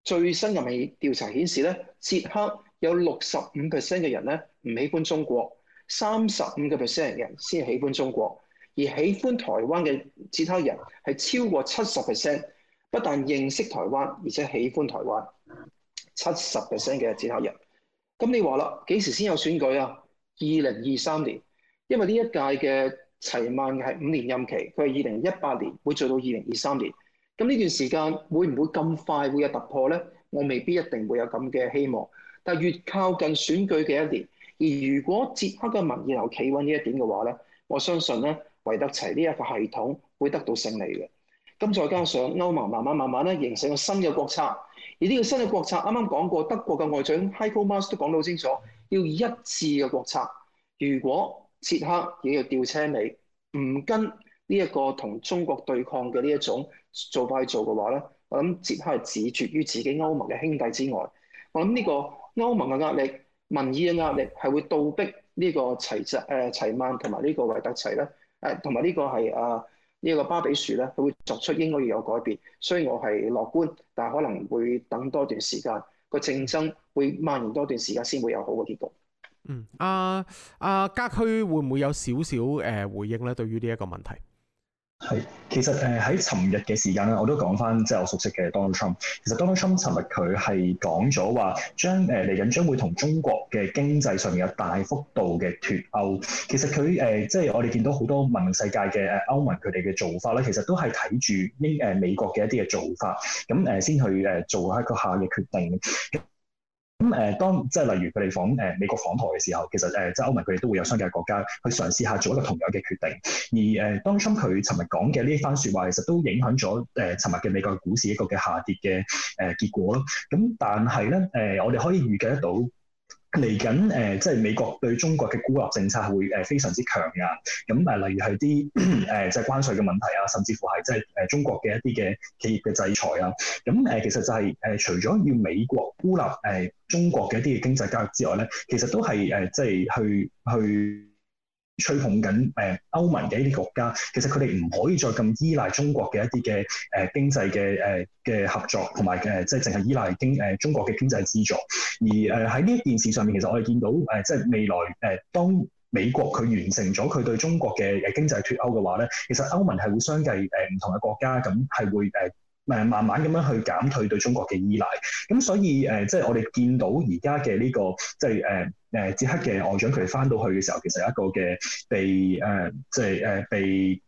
最新嘅民意調查顯示咧，捷克。有六十五 percent 嘅人咧唔喜歡中國，三十五個 percent 嘅人先喜歡中國。而喜歡台灣嘅捷克人係超過七十 percent，不但認識台灣，而且喜歡台灣七十 percent 嘅捷克人。咁你話啦，幾時先有選舉啊？二零二三年，因為呢一屆嘅齊曼係五年任期，佢係二零一八年會做到二零二三年。咁呢段時間會唔會咁快會有突破咧？我未必一定會有咁嘅希望。但越靠近選舉嘅一年，而如果捷克嘅民意流企穩呢一點嘅話咧，我相信咧維德齊呢一個系統會得到勝利嘅。咁再加上歐盟慢慢慢慢咧形成個新嘅國策，而呢個新嘅國策啱啱講過，德國嘅外長 Heiko Maas 都講到好清楚，要一致嘅國策。如果捷克嘢叫吊車尾，唔跟呢一個同中國對抗嘅呢一種做法去做嘅話咧，我諗捷克係自絕於自己歐盟嘅兄弟之外，我諗呢個。歐盟嘅壓力、民意嘅壓力係會倒逼呢個齊集、誒、呃、齊曼同埋呢個維特齊咧，誒同埋呢個係啊呢個巴比樹咧，佢會作出應該要有改變，雖然我係樂觀，但係可能會等多段時間，個競爭會蔓延多段時間先會有好嘅結果。嗯，阿、呃、阿、呃、家區會唔會有少少誒回應咧？對於呢一個問題。係，其實誒喺尋日嘅時間啦，我都講翻即係我熟悉嘅 Donald Trump。其實 Donald Trump 尋日佢係講咗話，將誒嚟緊將會同中國嘅經濟上面有大幅度嘅脫歐。其實佢誒即係我哋見到好多文明世界嘅誒歐盟佢哋嘅做法咧，其實都係睇住英誒美國嘅一啲嘅做法，咁誒先去誒做一個下嘅決定。咁誒，當即係例如佢哋訪誒美國訪台嘅時候，其實誒即係歐盟佢哋都會有相近國家去嘗試下做一個同樣嘅決定，而誒當心佢尋日講嘅呢番說話，其實都影響咗誒尋日嘅美國股市一個嘅下跌嘅誒結果咯。咁但係咧誒，我哋可以預計得到。嚟緊誒，即係美國對中國嘅孤立政策係會、呃、非常之強嘅，咁、呃、誒例如係啲誒即係關稅嘅問題啊，甚至乎係即係誒中國嘅一啲嘅企業嘅制裁啊，咁、呃、誒其實就係、係、誒、呃、除咗要美國孤立誒、呃、中國嘅一啲嘅經濟交易之外咧，其實都係誒、呃、即係去去，去吹捧緊誒歐盟嘅一啲國家，其實佢哋唔可以再咁依賴中國嘅一啲嘅誒經濟嘅誒嘅合作，同埋誒即係淨係依賴經誒中國嘅經濟資助。而誒喺呢一件事上面，其實我哋見到誒即係未來誒當美國佢完成咗佢對中國嘅誒經濟脫鉤嘅話咧，其實歐盟係會相繼誒唔同嘅國家咁係會誒。誒慢慢咁樣去減退對中國嘅依賴，咁所以誒，即係我哋見到而家嘅呢個即係誒誒捷克嘅外長佢哋翻到去嘅時候，其實有一個嘅被誒即係誒被批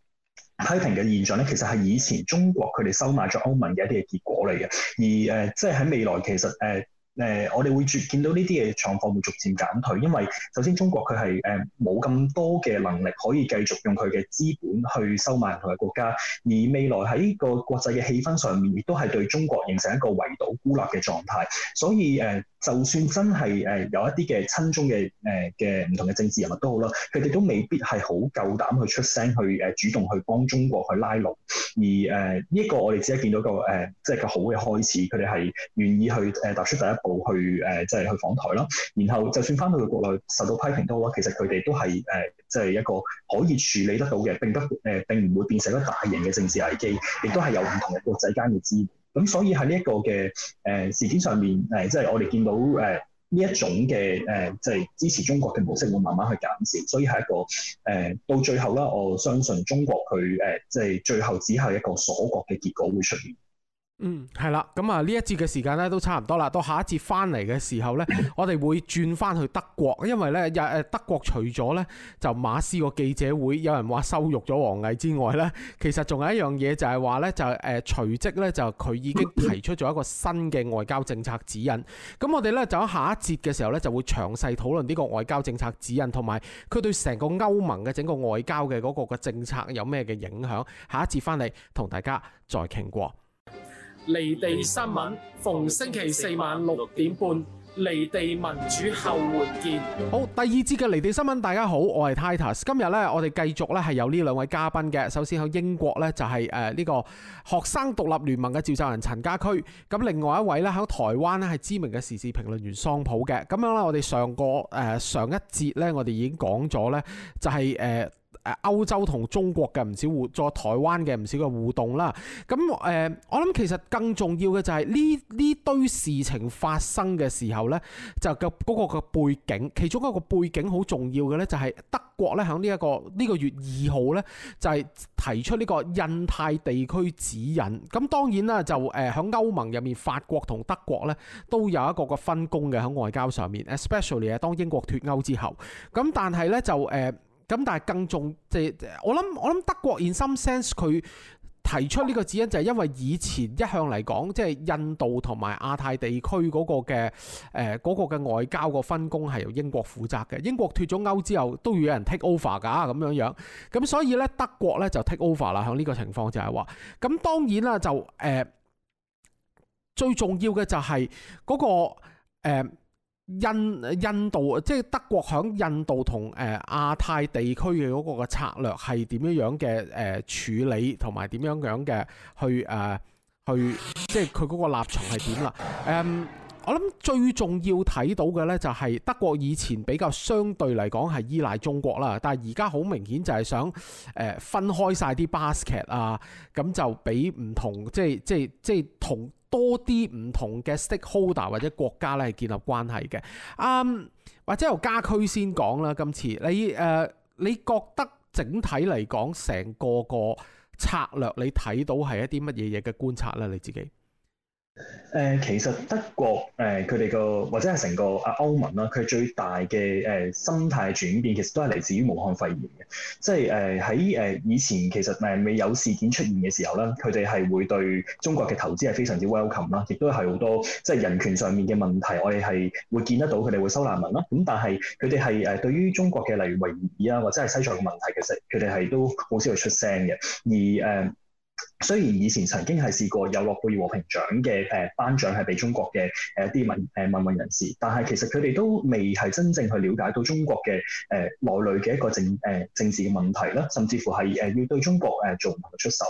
評嘅現象咧，其實係以前中國佢哋收買咗歐盟嘅一啲嘅結果嚟嘅，而誒即係喺未來其實誒。呃誒、呃，我哋會逐見到呢啲嘅狀況會逐漸減退，因為首先中國佢係誒冇咁多嘅能力可以繼續用佢嘅資本去收買唔同嘅國家，而未來喺呢個國際嘅氣氛上面，亦都係對中國形成一個圍堵孤立嘅狀態。所以誒、呃，就算真係誒有一啲嘅親中嘅誒嘅唔同嘅政治人物都好啦，佢哋都未必係好夠膽去出聲去誒主動去幫中國去拉攏，而誒呢、呃這個、一個我哋只係見到個誒即係個好嘅開始，佢哋係願意去誒踏出第一步。去誒，即、呃、係、就是、去訪台啦。然後就算翻到去國內受到批評都好，其實佢哋都係誒，即、呃、係、就是、一個可以處理得到嘅，並不誒、呃，並唔會變成一大型嘅政治危機，亦都係有唔同嘅國際間嘅支源資源。咁所以喺呢一個嘅誒、呃、事件上面，誒即係我哋見到誒呢一種嘅誒，即、呃、係、就是、支持中國嘅模式會慢慢去減少。所以係一個誒、呃，到最後啦，我相信中國佢誒，即、呃、係、就是、最後只係一個鎖國嘅結果會出現。嗯，係啦，咁啊呢一節嘅時間咧都差唔多啦。到下一節翻嚟嘅時候呢， 我哋會轉翻去德國，因為呢，日誒德國除咗呢，就馬斯個記者會有人話羞辱咗王毅之外呢，其實仲有一樣嘢就係話呢，就誒隨即呢，就佢已經提出咗一個新嘅外交政策指引。咁我哋呢，就喺下一節嘅時候呢，就會詳細討論呢個外交政策指引同埋佢對成個歐盟嘅整個外交嘅嗰個嘅政策有咩嘅影響。下一節翻嚟同大家再傾過。離地新聞逢星期四晚六點半，離地民主後援見。好，第二節嘅離地新聞，大家好，我係 Titus。今日呢，我哋繼續呢，係有呢兩位嘉賓嘅。首先喺英國呢，就係誒呢個學生獨立聯盟嘅召集人陳家駒。咁另外一位呢，喺台灣呢，係知名嘅時事評論員桑普嘅。咁樣呢，我哋上個誒上一節呢，我哋已經講咗呢，就係誒。歐洲同中國嘅唔少互，再台灣嘅唔少嘅互動啦。咁誒、呃，我諗其實更重要嘅就係呢呢堆事情發生嘅時候呢，就、嗰個嗰個背景，其中一個背景好重要嘅、這個這個、呢，就係德國呢。響呢一個呢個月二號呢，就係提出呢個印太地區指引。咁當然啦，就誒響歐盟入面，法國同德國呢，都有一個個分工嘅，喺外交上面，especially 啊，當英國脱歐之後，咁但係呢，就誒。呃咁但係更重即係我諗，我諗德國 in some sense 佢提出呢個指引就係因為以前一向嚟講，即係印度同埋亞太地區嗰個嘅誒嗰個嘅外交個分工係由英國負責嘅。英國脱咗歐之後都要有人 take over 㗎咁樣樣。咁所以呢，德國呢就 take over 啦。響呢個情況就係話，咁當然啦就誒最重要嘅就係嗰個誒印印度即係德國響印度同誒亞太地區嘅嗰個嘅策略係點樣樣嘅誒處理同埋點樣樣嘅去誒、呃、去即係佢嗰個立場係點啦誒。嗯我諗最重要睇到嘅呢，就係德國以前比較相對嚟講係依賴中國啦，但係而家好明顯就係想誒、呃、分開晒啲 basket 啊，咁就俾唔同即係即係即係同多啲唔同嘅 stakeholder 或者國家咧係建立關係嘅。嗯，或者由家區先講啦，今次你誒、呃、你覺得整體嚟講成個個策略你睇到係一啲乜嘢嘢嘅觀察呢？你自己？誒、呃，其實德國誒，佢哋個或者係成個啊歐盟啦，佢最大嘅誒、呃、心態轉變，其實都係嚟自於武漢肺炎嘅。即係誒喺誒以前，其實誒未有事件出現嘅時候啦，佢哋係會對中國嘅投資係非常之 welcome 啦，亦都係好多即係人權上面嘅問題，我哋係會見得到佢哋會收難民啦。咁但係佢哋係誒對於中國嘅例如維吾爾啊或者係西藏嘅問題，其實佢哋係都好少會出聲嘅。而誒。呃雖然以前曾經係試過有諾貝爾和平獎嘅誒，頒獎係俾中國嘅誒一啲民誒民運人士，但係其實佢哋都未係真正去了解到中國嘅誒內裏嘅一個政誒、呃、政治嘅問題啦，甚至乎係誒、呃、要對中國誒、呃、做出手，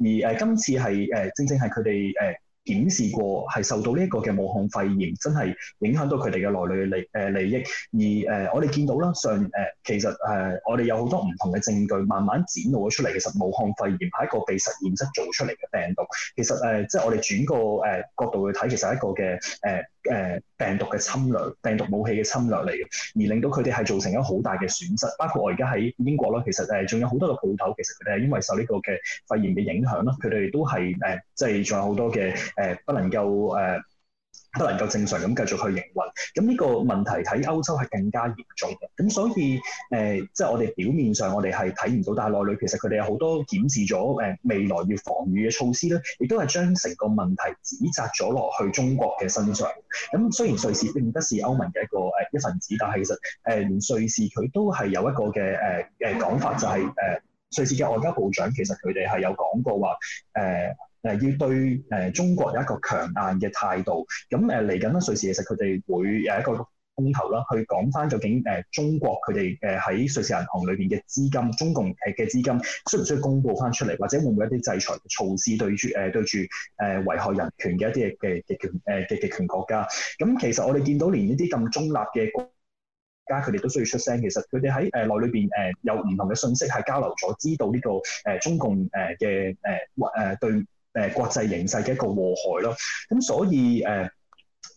而誒、呃、今次係誒、呃、正正係佢哋誒。呃顯示過係受到呢一個嘅武漢肺炎，真係影響到佢哋嘅內裏利誒利益。而誒、呃、我哋見到啦，上誒、呃、其實誒、呃、我哋有好多唔同嘅證據，慢慢展露咗出嚟。其實武漢肺炎係一個被實驗室做出嚟嘅病毒。其實誒、呃、即係我哋轉個誒、呃、角度去睇，其實係一個嘅誒誒病毒嘅侵略、病毒武器嘅侵略嚟嘅，而令到佢哋係造成咗好大嘅損失。包括我而家喺英國啦，其實誒仲、呃、有好多嘅鋪頭，其實佢哋係因為受呢個嘅肺炎嘅影響啦，佢哋都係誒。呃即係仲有好多嘅誒、呃，不能夠誒、呃，不能夠正常咁繼續去營運。咁呢個問題喺歐洲係更加嚴重嘅。咁所以誒、呃，即係我哋表面上我哋係睇唔到，但係內裏其實佢哋有好多檢視咗誒、呃、未來要防禦嘅措施咧，亦都係將成個問題指責咗落去中國嘅身上。咁雖然瑞士並不是歐盟嘅一個誒、呃、一份子，但係其實誒、呃、連瑞士佢都係有一個嘅誒誒講法、就是，就係誒瑞士嘅外交部長其實佢哋係有講過話誒。呃呃誒要對誒中國有一個強硬嘅態度，咁誒嚟緊咧瑞士其實佢哋會有一個公投啦，去講翻究竟誒中國佢哋誒喺瑞士銀行裏邊嘅資金，中共嘅資金需唔需要公佈翻出嚟，或者會唔會一啲制裁措施對住誒、呃、對住誒危害人權嘅一啲嘅嘅極權嘅、呃、極權國家？咁其實我哋見到連呢啲咁中立嘅國家，佢哋都需要出聲。其實佢哋喺誒內裏邊誒有唔同嘅信息係交流咗，知道呢、這個誒、呃、中共誒嘅誒或誒對誒國際形勢嘅一個禍害咯，咁所以誒，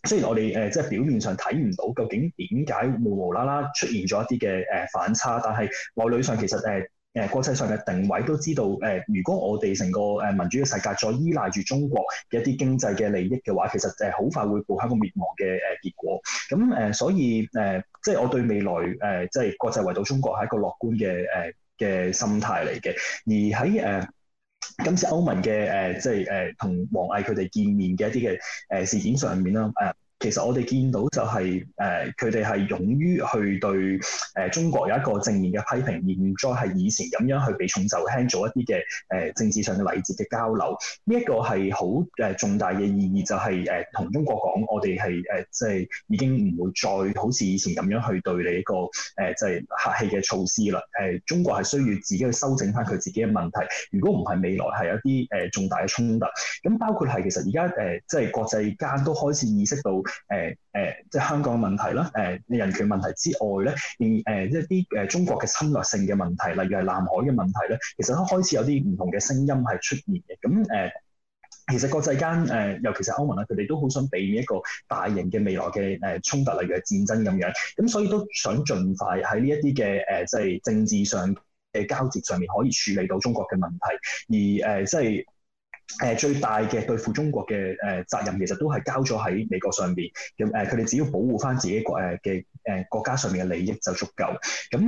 雖然我哋誒即係表面上睇唔到究竟點解無無啦啦出現咗一啲嘅誒反差，但係內裏上其實誒誒國際上嘅定位都知道，誒如果我哋成個誒民主嘅世界再依賴住中國嘅一啲經濟嘅利益嘅話，其實誒好快會步向一個滅亡嘅誒結果。咁誒所以誒，即係我對未來誒即係國際圍堵中國係一個樂觀嘅誒嘅心態嚟嘅，而喺誒。今次歐盟嘅誒，即係誒同王毅佢哋見面嘅一啲嘅誒事件上面啦，誒、呃。其實我哋見到就係、是、誒，佢哋係勇於去對誒、呃、中國有一個正面嘅批評，而唔再係以前咁樣去避重就輕，做一啲嘅誒政治上嘅禮節嘅交流。呢、這、一個係好誒重大嘅意義，就係誒同中國講，我哋係誒即係已經唔會再好似以前咁樣去對你、這、一個誒即係客氣嘅措施啦。誒、呃，中國係需要自己去修正返佢自己嘅問題。如果唔係，未來係有一啲誒、呃、重大嘅衝突。咁包括係其實而家誒，即係國際間都開始意識到。誒誒、呃，即係香港問題啦，誒、呃、人權問題之外咧，而誒一啲誒中國嘅侵略性嘅問題，例如係南海嘅問題咧，其實都開始有啲唔同嘅聲音係出現嘅。咁誒、呃，其實國際間誒、呃，尤其是歐盟啦，佢哋都好想避免一個大型嘅未來嘅誒衝突，例如係戰爭咁樣。咁所以都想盡快喺呢一啲嘅誒，即、呃、係、就是、政治上嘅交接上面可以處理到中國嘅問題，而誒、呃、即係。誒，最大嘅對付中國嘅誒責任，其實都係交咗喺美國上邊。咁誒，佢哋只要保護翻自己國誒嘅誒國家上面嘅利益就足夠。咁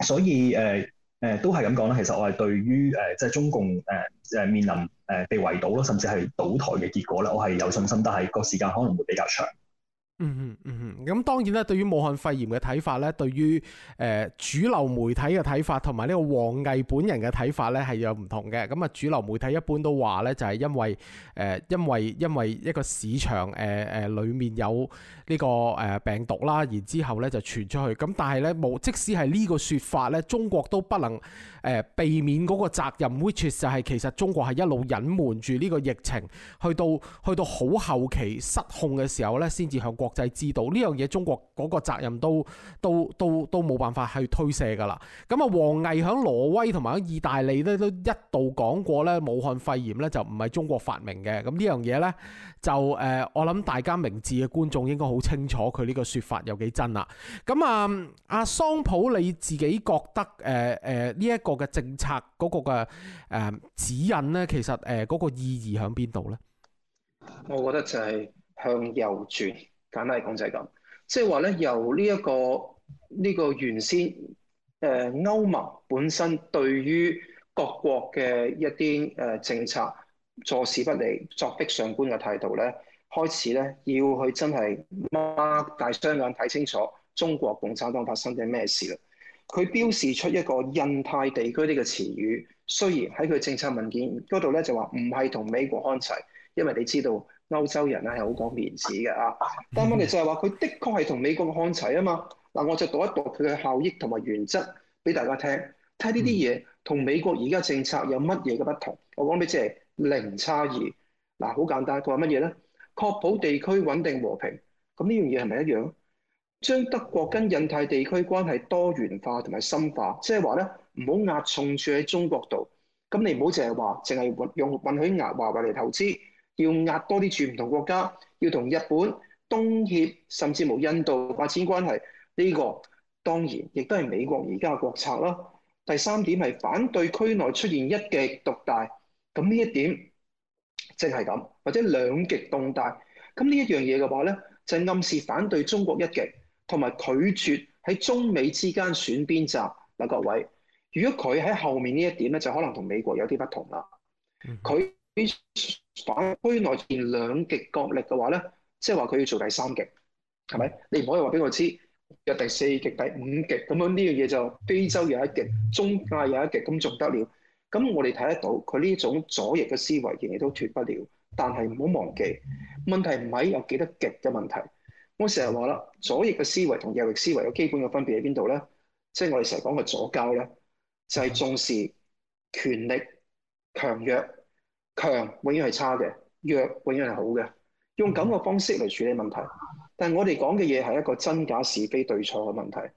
誒，所以誒誒、呃、都係咁講啦。其實我係對於誒即係中共誒誒面臨誒被圍堵咯，甚至係倒台嘅結果咧，我係有信心，但係個時間可能會比較長。嗯嗯嗯，咁當然啦，對於武漢肺炎嘅睇法咧，對於誒主流媒體嘅睇法，同埋呢個王毅本人嘅睇法咧，係有唔同嘅。咁啊，主流媒體一般都話咧，就係因為誒，因為因為一個市場誒誒裏面有呢個誒病毒啦，然之後咧就傳出去。咁但係咧冇，即使係呢個說法咧，中國都不能誒避免嗰個責任，which 就係其實中國係一路隱瞞住呢個疫情，去到去到好後期失控嘅時候咧，先至向國。國際知道呢樣嘢，中國嗰個責任都都都都冇辦法去推卸㗎喇。咁啊，王毅響挪威同埋響意大利咧，都一度講過咧，武漢肺炎咧就唔係中國發明嘅。咁呢樣嘢咧就誒，我諗大家明智嘅觀眾應該好清楚佢呢個説法有幾真啦。咁啊，阿桑普你自己覺得誒誒呢一個嘅政策嗰個嘅誒、呃、指引咧，其實誒嗰個意義喺邊度咧？我覺得就係向右轉。簡單嚟講就係咁，即係話咧由呢、這、一個呢、這個原先誒、呃、歐盟本身對於各國嘅一啲誒政策坐視不理、作壁上觀嘅態度咧，開始咧要去真係擘大雙眼睇清楚中國共產黨發生咗咩事啦。佢標示出一個印太地區呢個詞語，雖然喺佢政策文件嗰度咧就話唔係同美國看齊，因為你知道。歐洲人啊，係好講面子嘅啊，但係問題就係話佢的確係同美國看齊啊嘛。嗱，我就讀一讀佢嘅效益同埋原則俾大家聽，睇下呢啲嘢同美國而家政策有乜嘢嘅不同。我講俾你知，即係、零差異。嗱，好簡單，佢話乜嘢咧？確保地區穩定和平。咁呢樣嘢係咪一樣？將德國跟印太地區關係多元化同埋深化，即係話咧唔好押重注喺中國度。咁你唔好就係話，淨係允允許亞華為嚟投資。要壓多啲住唔同國家，要同日本、東協甚至無印度發展關係，呢、這個當然亦都係美國而家嘅國策啦。第三點係反對區內出現一極獨大，咁呢一點即係咁，或者兩極動大，咁呢一樣嘢嘅話咧，就暗示反對中國一極，同埋拒絕喺中美之間選邊站。嗱，各位，如果佢喺後面呢一點咧，就可能同美國有啲不同啦。佢、嗯反區內建兩極角力嘅話咧，即係話佢要做第三極，係咪？你唔可以話俾我知有第四極、第五極咁樣呢樣嘢就非洲有一極，中亞有一極咁仲得了。咁我哋睇得到佢呢種左翼嘅思維仍然都脫不了，但係唔好忘記問題唔係有幾多極嘅問題。我成日話啦，左翼嘅思維同右翼思維有基本嘅分別喺邊度咧？即係我哋成日講嘅左膠咧，就係重視權力強弱。強永遠係差嘅，弱永遠係好嘅。用咁嘅方式嚟處理問題，但係我哋講嘅嘢係一個真假是非對錯嘅問題。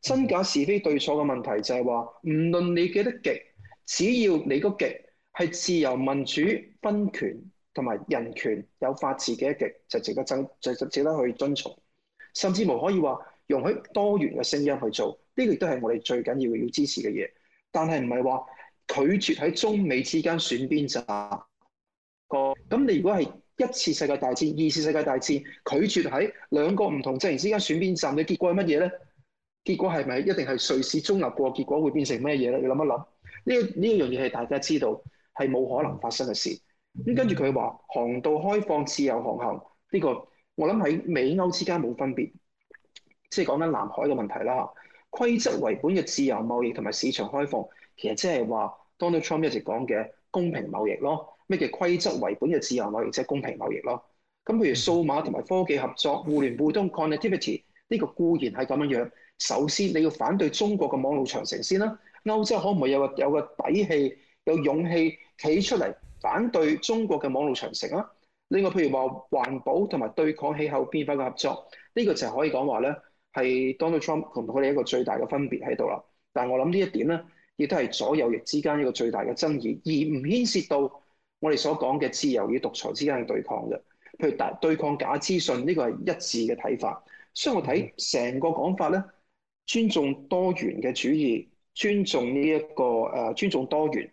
真假是非對錯嘅問題就係話，唔論你幾得極，只要你個極係自由民主分權同埋人權有法治嘅一極，就值得遵就值得去遵從，甚至冇可以話容許多元嘅聲音去做。呢個亦都係我哋最緊要嘅要支持嘅嘢。但係唔係話？拒絕喺中美之間選邊站，咁你如果係一次世界大戰、二次世界大戰，拒絕喺兩個唔同陣營之間選邊站嘅結果係乜嘢咧？結果係咪一定係瑞士中立過？結果會變成咩嘢咧？你諗一諗，呢呢樣嘢係大家知道係冇可能發生嘅事。咁跟住佢話航道開放、自由航行呢個，我諗喺美歐之間冇分別，即係講緊南海嘅問題啦。吓規則為本嘅自由貿易同埋市場開放，其實即係話。Donald Trump 一直講嘅公平貿易咯，咩叫規則為本嘅自由貿易即係公平貿易咯。咁譬如數碼同埋科技合作、互聯互通 （connectivity），呢個固然係咁樣樣。首先你要先反對中國嘅網絡長城先啦。歐洲可唔可以有個有個底氣、有勇氣企出嚟反對中國嘅網絡長城啊？另外譬如話環保同埋對抗氣候變化嘅合作，呢個就係可以講話咧，係 Donald Trump 同佢哋一個最大嘅分別喺度啦。但係我諗呢一點咧。亦都係左右翼之間一個最大嘅爭議，而唔牽涉到我哋所講嘅自由與獨裁之間嘅對抗嘅。譬如大對抗假資訊，呢個係一致嘅睇法。所以我睇成個講法咧，尊重多元嘅主義，尊重呢、這、一個誒尊重多元，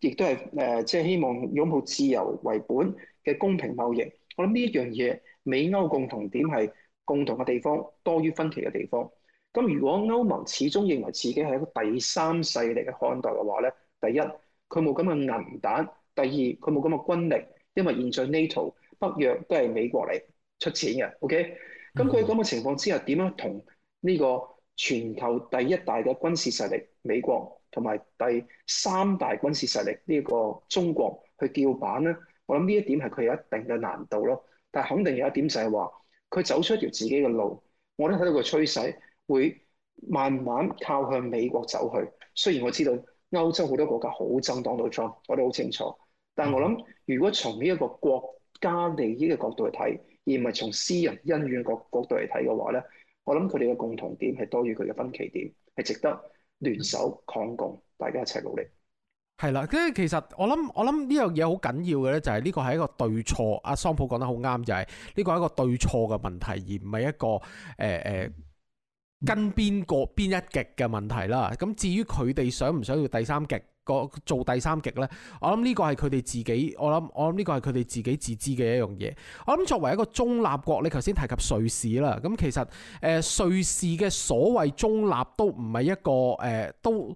亦都係誒即係希望擁抱自由為本嘅公平貿易。我諗呢一樣嘢，美歐共同點係共同嘅地方多於分歧嘅地方。咁如果歐盟始終認為自己係一個第三勢力嘅看待嘅話咧，第一佢冇咁嘅銀彈，第二佢冇咁嘅軍力，因為現在 NATO 北約都係美國嚟出錢嘅，OK？咁佢咁嘅情況之下，點樣同呢個全球第一大嘅軍事勢力美國同埋第三大軍事勢力呢個中國去叫板咧？我諗呢一點係佢有一定嘅難度咯。但係肯定有一點就係話佢走出一條自己嘅路，我都睇到個趨勢。會慢慢靠向美國走去，雖然我知道歐洲好多國家好憎 Donald Trump，我都好清楚。但係我諗，如果從呢一個國家利益嘅角度嚟睇，而唔係從私人恩怨嘅角度嚟睇嘅話咧，我諗佢哋嘅共同點係多於佢嘅分歧點，係值得聯手抗共，大家一齊努力。係啦，跟住其實我諗，我諗呢樣嘢好緊要嘅咧，就係呢個係一個對錯。阿桑普講得好啱，就係呢個係一個對錯嘅問題，而唔係一個誒誒。呃呃跟邊個邊一極嘅問題啦，咁至於佢哋想唔想要第三極，個做第三極呢，我諗呢個係佢哋自己，我諗我諗呢個係佢哋自己自知嘅一樣嘢。我諗作為一個中立國，你頭先提及瑞士啦，咁其實誒瑞士嘅所謂中立都唔係一個誒、呃、都。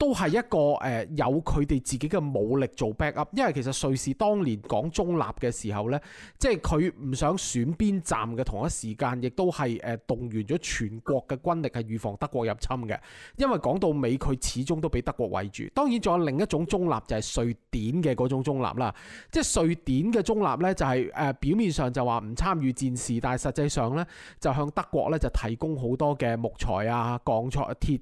都係一個誒有佢哋自己嘅武力做 backup，因為其實瑞士當年講中立嘅時候呢，即係佢唔想選邊站嘅同一時間，亦都係誒動員咗全國嘅軍力係預防德國入侵嘅。因為講到尾，佢始終都俾德國圍住。當然，仲有另一種中立就係瑞典嘅嗰種中立啦，即係瑞典嘅中立呢，就係誒表面上就話唔參與戰事，但係實際上呢，就向德國呢就提供好多嘅木材啊、鋼材、鐵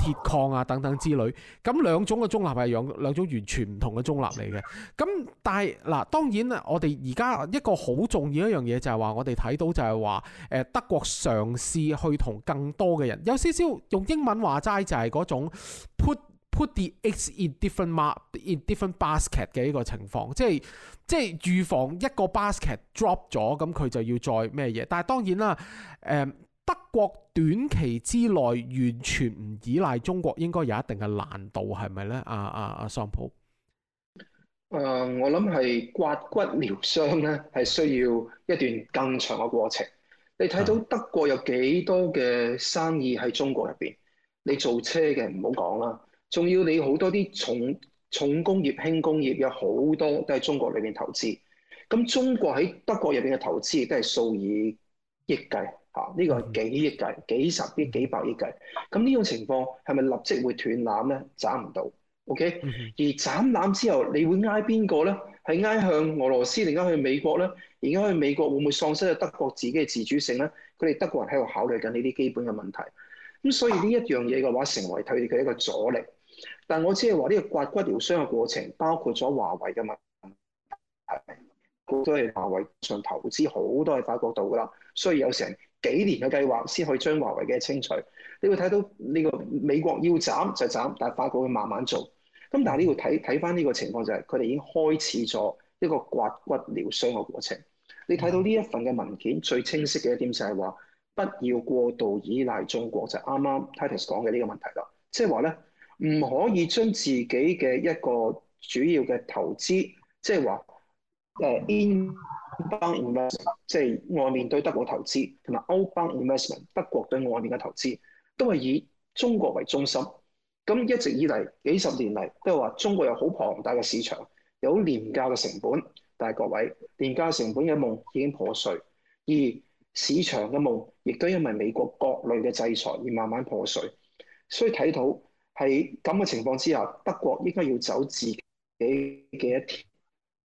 鐵礦啊等等之類。咁兩種嘅中立係兩兩種完全唔同嘅中立嚟嘅。咁但係嗱，當然啦，我哋而家一個好重要一樣嘢就係話，我哋睇到就係話，誒德國嘗試去同更多嘅人有少少用英文話齋，就係嗰種 put put the eggs in different in different basket 嘅一個情況，即係即係預防一個 basket drop 咗，咁佢就要再咩嘢？但係當然啦，誒德國。短期之內完全唔依賴中國，應該有一定嘅難度，係咪咧？阿阿阿桑普，誒、呃，我諗係刮骨療傷咧，係需要一段更長嘅過程。你睇到德國有幾多嘅生意喺中國入邊？你做車嘅唔好講啦，仲要你好多啲重重工業、輕工業有好多都喺中國裏邊投資。咁中國喺德國入邊嘅投資亦都係數以億計。嚇！呢、啊呢個係幾億計、幾十億、幾百億計。咁呢種情況係咪立即會斷纜咧？斬唔到。OK。而斬纜之後，你會挨邊個咧？係挨向俄羅斯定挨去美國咧？而家去美國會唔會喪失咗德國自己嘅自主性咧？佢哋德國人喺度考慮緊呢啲基本嘅問題。咁所以呢一樣嘢嘅話，成為佢哋嘅一個阻力。但我只係話呢個刮骨療傷嘅過程，包括咗華為嘅問題，好多嘢華為上投資好多喺法國度㗎啦，所以有成。幾年嘅計劃先可以將華為嘅清除，你會睇到呢個美國要斬就斬，但係法國會慢慢做。咁但係你要睇睇翻呢個情況，就係佢哋已經開始咗一個刮骨療傷嘅過程。你睇到呢一份嘅文件最清晰嘅一點就係話不要過度依賴中國，就係、是、啱啱 Titus 講嘅呢個問題啦。即係話咧，唔可以將自己嘅一個主要嘅投資，即係話誒 in。歐邦 Investment 即係外面對德國投資，同埋歐邦 Investment 德國對外面嘅投資，都係以中國為中心。咁一直以嚟幾十年嚟都係話中國有好龐大嘅市場，有廉價嘅成本。但係各位廉價成本嘅夢已經破碎，而市場嘅夢亦都因為美國各類嘅制裁而慢慢破碎。所以睇到係咁嘅情況之下，德國應該要走自己嘅一條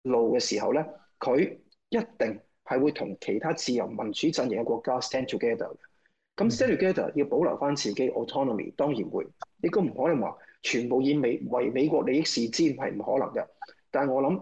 路嘅時候咧，佢。一定係會同其他自由民主陣營嘅國家 stand together 嘅。咁 stand together 要保留翻自己 autonomy，當然會。亦都唔可能話全部以美為美國利益事先係唔可能嘅。但係我諗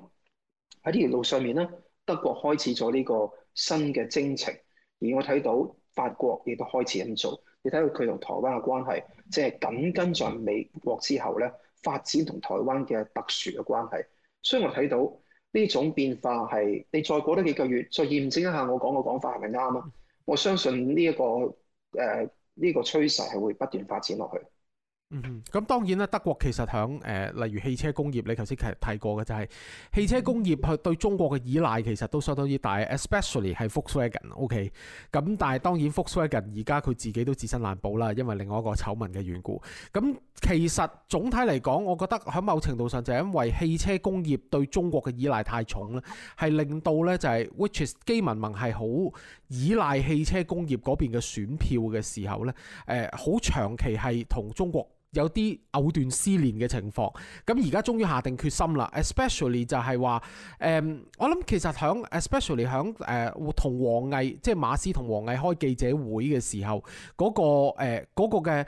喺呢條路上面咧，德國開始咗呢個新嘅征程，而我睇到法國亦都開始咁做。你睇到佢同台灣嘅關係，即係緊跟在美國之後咧發展同台灣嘅特殊嘅關係。所以我睇到。呢種變化係，你再過多幾個月再驗證一下我講嘅講法係咪啱啊？我相信呢、這、一個誒呢、呃這個趨勢係會不斷發展落去。嗯，咁、嗯、當然啦，德國其實響誒、呃，例如汽車工業，你頭先其實睇過嘅就係汽車工業佢對中國嘅依賴其實都相當之大，especially 係 Fusragen，OK，、okay? 咁但係當然 Fusragen 而家佢自己都自身難保啦，因為另外一個醜聞嘅緣故。咁、嗯、其實總體嚟講，我覺得喺某程度上就係因為汽車工業對中國嘅依賴太重啦，係令到呢就係、是、Which is 基文文係好依賴汽車工業嗰邊嘅選票嘅時候呢，誒、呃，好長期係同中國。有啲藕斷絲連嘅情況，咁而家終於下定決心啦。especially 就係話，誒、呃，我諗其實響 especially 響誒，同、呃、王毅即係馬斯同王毅開記者會嘅時候，嗰、嗰個誒嗰、呃嗰個嘅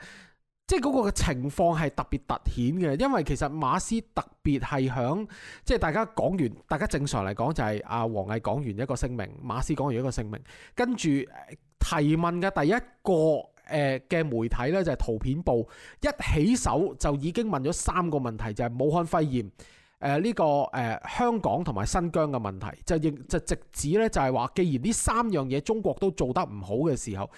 即係嗰個嘅情況係特別突顯嘅，因為其實馬斯特別係響即係大家講完，大家正常嚟講就係阿王毅講完一個聲明，馬斯講完一個聲明，跟住提問嘅第一個。誒嘅、呃、媒體呢，就係、是、圖片報，一起手就已經問咗三個問題，就係、是、武漢肺炎、誒、呃、呢、這個誒、呃、香港同埋新疆嘅問題，就應就直指呢，就係話，既然呢三樣嘢中國都做得唔好嘅時候，誒、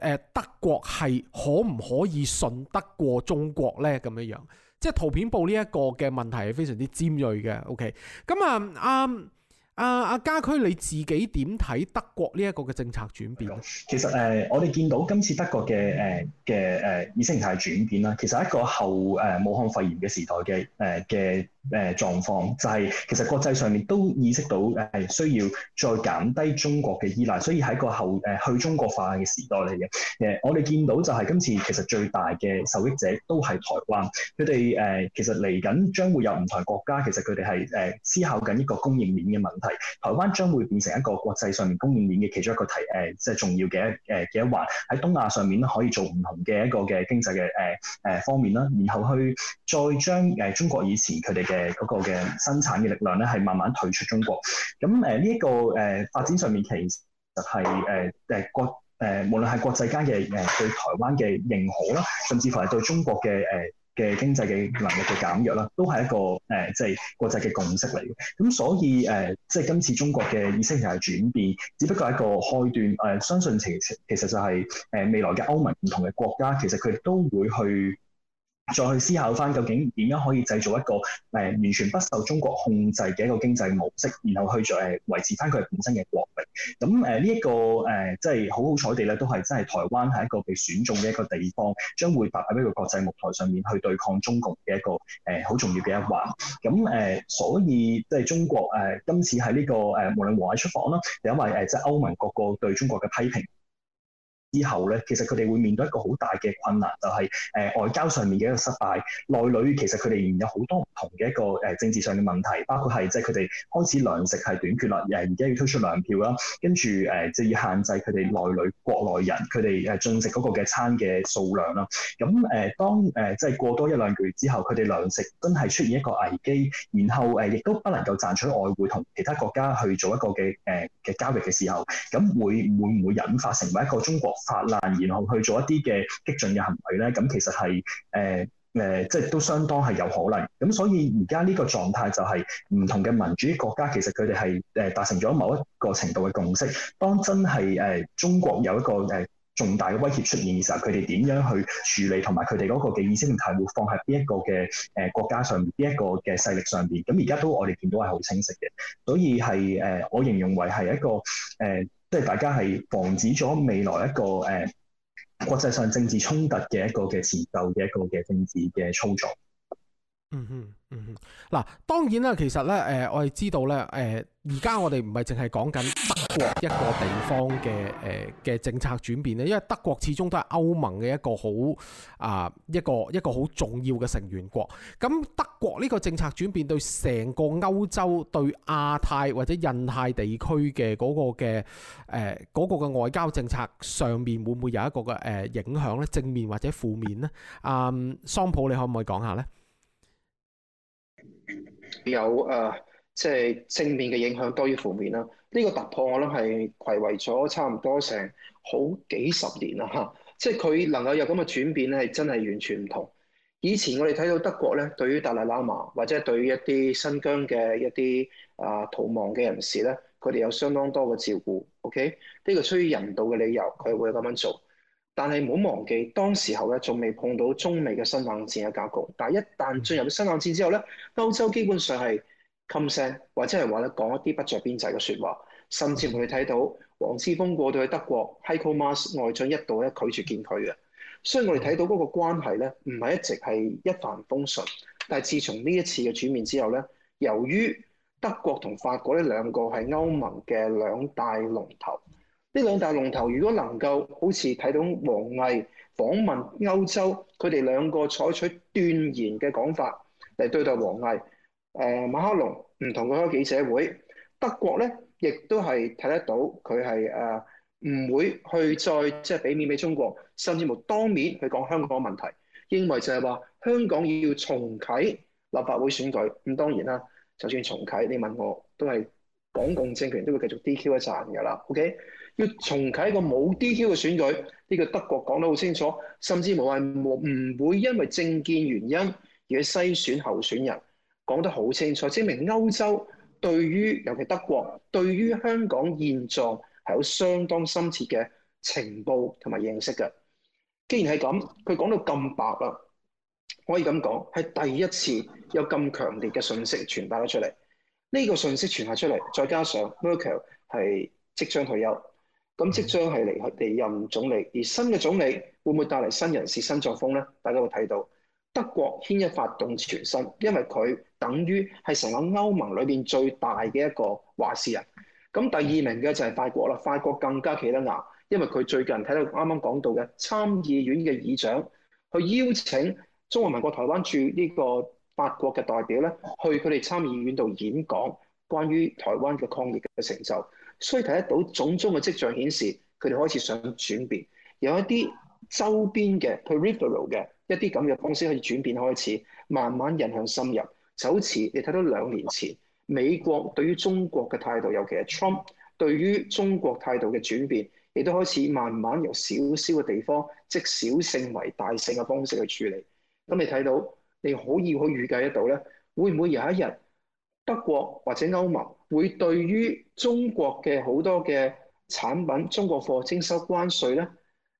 呃、德國係可唔可以信得過中國呢？」咁樣樣，即係圖片報呢一個嘅問題係非常之尖銳嘅。OK，咁、嗯、啊，啱、嗯。阿阿、啊、家駒，你自己點睇德國呢一個嘅政策轉變？其實誒、呃，我哋見到今次德國嘅誒嘅誒，意識形態轉變啦，其實一個後誒、呃、武漢肺炎嘅時代嘅誒嘅。呃誒、呃、狀況就係、是、其實國際上面都意識到誒係、呃、需要再減低中國嘅依賴，所以喺一個後、呃、去中國化嘅時代嚟嘅。誒、呃、我哋見到就係今次其實最大嘅受益者都係台灣，佢哋誒其實嚟緊將會有唔同國家，其實佢哋係誒思考緊一個供應鏈嘅問題。台灣將會變成一個國際上面供應鏈嘅其中一個提誒、呃、即係重要嘅誒嘅一環，喺東亞上面可以做唔同嘅一個嘅經濟嘅誒誒方面啦，然後去再將誒、呃呃、中國以前佢哋嘅。誒嗰個嘅生產嘅力量咧，係慢慢退出中國。咁誒呢一個誒發展上面，其實係誒誒國誒，無論係國際間嘅誒對台灣嘅認可啦，甚至乎係對中國嘅誒嘅經濟嘅能力嘅減弱啦，都係一個誒即係國際嘅共識嚟嘅。咁所以誒，即係今次中國嘅意識形態轉變，只不過係一個開端。誒相信其其實就係誒未來嘅歐盟唔同嘅國家，其實佢都會去。再去思考翻究竟點樣可以製造一個誒完全不受中國控制嘅一個經濟模式，然後去做誒維持翻佢本身嘅國力。咁誒呢一個誒即係好好彩地咧，都係真係台灣係一個被選中嘅一個地方，將會擺喺呢個國際舞台上面去對抗中共嘅一個誒好重要嘅一環。咁誒、呃、所以即係中國誒、呃、今次喺呢、這個誒、呃、無論王毅出訪啦，又因為誒、呃、即係歐盟各個對中國嘅批評。之後咧，其實佢哋會面對一個好大嘅困難，就係、是、誒、呃、外交上面嘅一個失敗。內裏其實佢哋有好多唔同嘅一個誒政治上嘅問題，包括係即係佢哋開始糧食係短缺啦，誒而家要推出糧票啦，跟住誒即係要限制佢哋內裏國內人佢哋誒進食嗰個嘅餐嘅數量啦。咁誒當誒即係過多一兩個月之後，佢哋糧食真係出現一個危機，然後誒亦都不能夠賺取外匯同其他國家去做一個嘅誒嘅交易嘅時候，咁會會唔會引發成為一個中國發難，然後去做一啲嘅激進嘅行為咧，咁其實係誒誒，即係都相當係有可能。咁所以而家呢個狀態就係唔同嘅民主國家，其實佢哋係誒達成咗某一個程度嘅共識。當真係誒、呃、中國有一個誒、呃、重大嘅威脅出現嘅時候，佢哋點樣去處理，同埋佢哋嗰個嘅意識形態會放喺邊一個嘅誒、呃、國家上面，邊一個嘅勢力上面。咁而家都我哋見到係好清晰嘅，所以係誒、呃，我形容為係一個誒。呃呃即係大家係防止咗未來一個誒國際上政治衝突嘅一個嘅前奏嘅一個嘅政治嘅操作。嗯嗯嗯嗯，嗱，當然啦，其實咧，誒，我哋知道咧，誒、呃，而家我哋唔係淨係講緊德國一個地方嘅誒嘅政策轉變咧，因為德國始終都係歐盟嘅一個好啊、呃、一個一個好重要嘅成員國。咁、嗯、德國呢個政策轉變對成個歐洲、對亞太或者印太地區嘅嗰個嘅誒、呃嗰個嘅外交政策上面會唔會有一個嘅誒、呃、影響咧？正面或者負面咧？啊、嗯，桑普，你可唔可以講下咧？有誒，即係正面嘅影響多於負面啦。呢個突破我諗係攜圍咗差唔多成好幾十年啦，嚇！即係佢能夠有咁嘅轉變咧，係真係完全唔同。以前我哋睇到德國咧，對於達賴喇嘛或者係對於一啲新疆嘅一啲啊逃亡嘅人士咧，佢哋有相當多嘅照顧。OK，呢個出於人道嘅理由，佢會咁樣做。但係唔好忘記，當時候咧仲未碰到中美嘅新冷戰嘅格局。但係一旦進入咗新冷戰之後咧，歐洲基本上係噤聲，或者係話咧講一啲不着邊際嘅説話，甚至乎你睇到黃之鋒過到去德國 ，Heiko Maas 外長一度咧拒絕見佢嘅。雖然我哋睇到嗰個關係咧，唔係一直係一帆風順。但係自從呢一次嘅轉面之後咧，由於德國同法國呢兩個係歐盟嘅兩大龍頭。呢兩大龍頭如果能夠好似睇到王毅訪問歐洲，佢哋兩個採取斷然嘅講法嚟對待王毅，誒、呃、馬克龍唔同佢開記者會，德國咧亦都係睇得到佢係誒唔會去再即係俾面俾中國，甚至乎當面去講香港問題，認為就係話香港要重啟立法會選舉，咁、嗯、當然啦，就算重啟，你問我都係港共政權都會繼續 DQ 一陣㗎啦，OK？要重啟一個冇 DQ 嘅選舉，呢、這個德國講得好清楚，甚至冇話冇唔會因為政見原因而嘅篩選候選人，講得好清楚，證明歐洲對於尤其德國對於香港現狀係有相當深切嘅情報同埋認識嘅。既然係咁，佢講到咁白啦，可以咁講係第一次有咁強烈嘅信息傳達咗出嚟。呢、這個信息傳達出嚟，再加上 Merkel 係即將退休。咁即將係離開離任總理，而新嘅總理會唔會帶嚟新人事、新作風呢？大家會睇到德國牽一發動全身，因為佢等於係成個歐盟裏邊最大嘅一個話事人。咁第二名嘅就係法國啦，法國更加企得硬，因為佢最近睇到啱啱講到嘅參議院嘅議長去邀請中華民國台灣駐呢個法國嘅代表咧，去佢哋參議院度演講，關於台灣嘅抗疫嘅成就。所以睇得到種種嘅跡象顯示，佢哋開始想轉變，由一啲周邊嘅 peripheral 嘅一啲咁嘅方式去轉變開始，慢慢引向深入。就好似你睇到兩年前美國對於中國嘅態度，尤其係 Trump 對於中國態度嘅轉變，亦都開始慢慢由少少嘅地方，即小勝為大勝嘅方式去處理。咁你睇到，你可以可以預計得到咧，會唔會有一日德國或者歐盟，會對於中國嘅好多嘅產品，中國貨徵收關稅咧，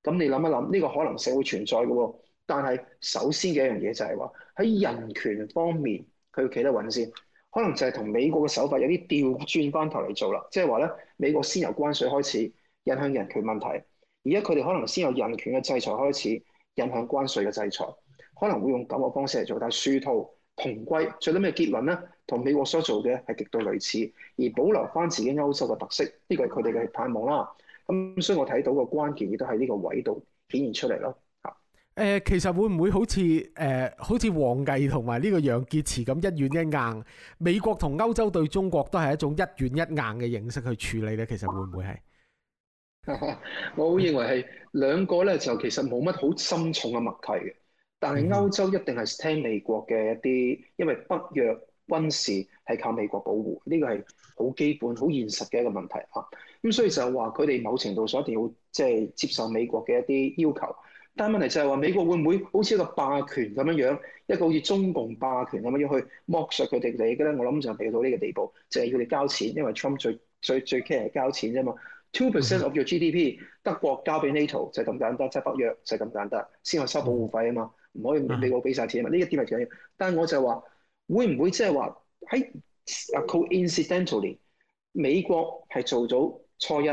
咁你諗一諗，呢個可能性會存在嘅喎。但係首先嘅一樣嘢就係話喺人權方面，佢要企得穩先，可能就係同美國嘅手法有啲調轉返頭嚟做啦。即係話咧，美國先由關稅開始影響人權問題，而家佢哋可能先由人權嘅制裁開始影響關稅嘅制裁，可能會用咁嘅方式嚟做，但係輸套。同歸最啲咩結論咧，同美國所做嘅係極度類似，而保留翻自己歐洲嘅特色，呢個係佢哋嘅盼望啦。咁、嗯、所以我睇到個關鍵亦都喺呢個位度顯現出嚟咯。嚇，誒其實會唔會好似誒、呃、好似王毅同埋呢個楊潔篪咁一軟一硬？美國同歐洲對中國都係一種一軟一硬嘅形式去處理咧。其實會唔會係？ 我好認為係兩個咧，就其實冇乜好深重嘅默契嘅。但係歐洲一定係聽美國嘅一啲，因為北約軍事係靠美國保護，呢個係好基本、好現實嘅一個問題啊。咁所以就話佢哋某程度上一定要即係、就是、接受美國嘅一啲要求。但係問題就係話美國會唔會好似一個霸權咁樣樣，一個好似中共霸權咁樣要去剝削佢哋嚟嘅咧？我諗就未到呢個地步，就係要你交錢，因為 Trump 最最最 care 交錢啫嘛。Two percent of your GDP，德國交俾 NATO 就係咁簡單，即、就、係、是、北約就係咁簡單，先去收保護費啊嘛。唔可以俾我俾晒錢啊嘛！呢一啲係重要，但係我就話會唔會即係話喺 coincidentally 美國係做咗初一，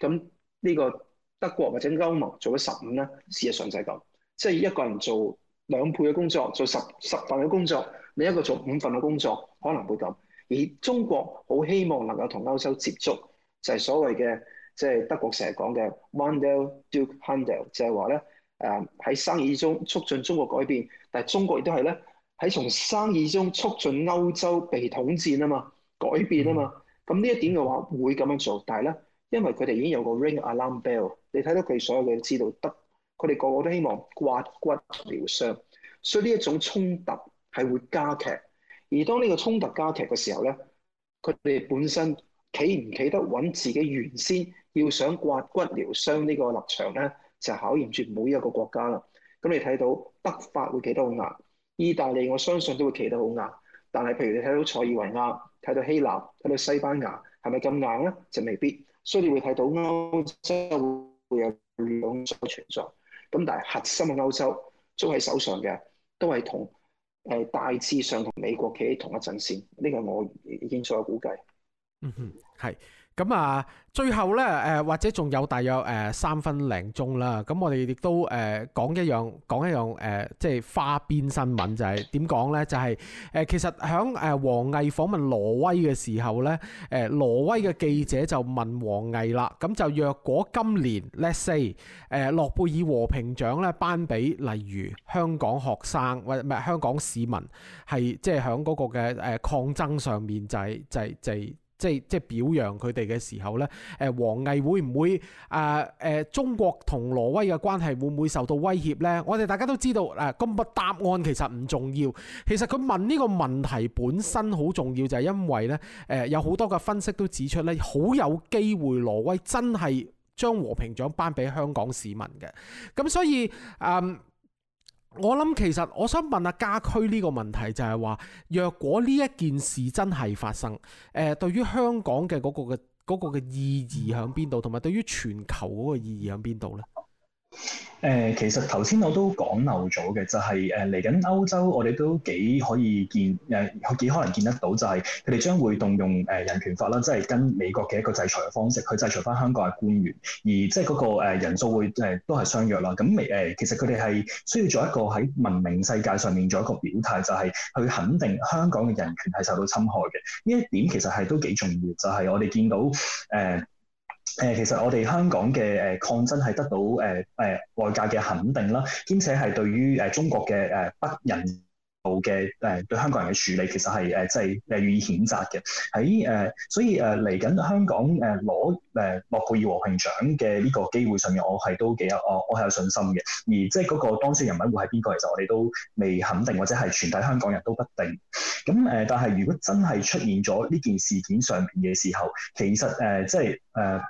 咁呢個德國或者歐盟做咗十五咧，事實上就係咁，即係一個人做兩倍嘅工作，做十十份嘅工作，你一個做五份嘅工作，可能會咁。而中國好希望能夠同歐洲接觸，就係、是、所謂嘅即係德國成日講嘅 Wandel durch Handel 就係話咧。誒喺生意中促進中國改變，但係中國亦都係咧喺從生意中促進歐洲被統戰啊嘛，改變啊嘛。咁呢一點嘅話會咁樣做，但係咧，因為佢哋已經有個 ring alarm bell，你睇到佢所有嘢都知道得，佢哋個個都希望刮骨療傷，所以呢一種衝突係會加劇。而當呢個衝突加劇嘅時候咧，佢哋本身企唔企得穩自己原先要想刮骨療傷呢個立場咧？就考驗住每一個國家啦，咁你睇到德法會企得好硬，意大利我相信都會企得好硬，但係譬如你睇到塞爾維亞、睇到希臘、睇到西班牙，係咪咁硬咧？就未必，所以你會睇到歐洲會有兩種存在，但係核心嘅歐洲，捉喺手上嘅，都係同誒大致上同美國企喺同一陣線，呢、呢個我已經估計。嗯哼，係。咁啊，最後呢，誒或者仲有大約誒三分零鐘啦。咁我哋亦都誒講一樣，講一樣誒，即係花邊新聞就係點講呢？就係誒，其實喺誒王毅訪問挪威嘅時候呢，誒挪威嘅記者就問王毅啦。咁就若果今年 Let's say 誒諾貝爾和平獎呢，頒俾例如香港學生或唔係香港市民，係即係喺嗰個嘅誒抗爭上面、就係，就係、係、就係就係，即係即係表揚佢哋嘅時候呢，誒王毅會唔會啊誒、呃呃、中國同挪威嘅關係會唔會受到威脅呢？我哋大家都知道誒，個、啊、答案其實唔重要。其實佢問呢個問題本身好重要，就係、是、因為呢，誒、呃、有好多嘅分析都指出呢，好有機會挪威真係將和平獎頒俾香港市民嘅。咁所以嗯。我諗其實我想問下家駒呢個問題就係話，若果呢一件事真係發生，誒、呃，對於香港嘅嗰、嗰個嘅、嗰個嘅意義喺邊度，同埋對於全球嗰個意義喺邊度呢？誒，其實頭先我都講漏咗嘅，就係誒嚟緊歐洲，我哋都幾可以見誒，幾可能見得到，就係佢哋將會動用誒人權法啦，即係跟美國嘅一個制裁嘅方式，去制裁翻香港嘅官員，而即係嗰個誒人數會誒都係相約啦。咁未誒，其實佢哋係需要做一個喺文明世界上面做一個表態，就係去肯定香港嘅人權係受到侵害嘅。呢一點其實係都幾重要，就係我哋見到誒。呃誒，其實我哋香港嘅誒抗爭係得到誒誒外界嘅肯定啦，兼且係對於誒中國嘅誒不人道嘅誒對香港人嘅處理，其實係誒即係誒予以譴責嘅。喺誒，所以誒嚟緊香港誒攞誒諾貝爾和平獎嘅呢個機會上面，我係都幾有我我係有信心嘅。而即係嗰個當選人物會係邊個，其實我哋都未肯定，或者係全體香港人都不定。咁誒，但係如果真係出現咗呢件事件上面嘅時候，其實誒、呃、即係誒。呃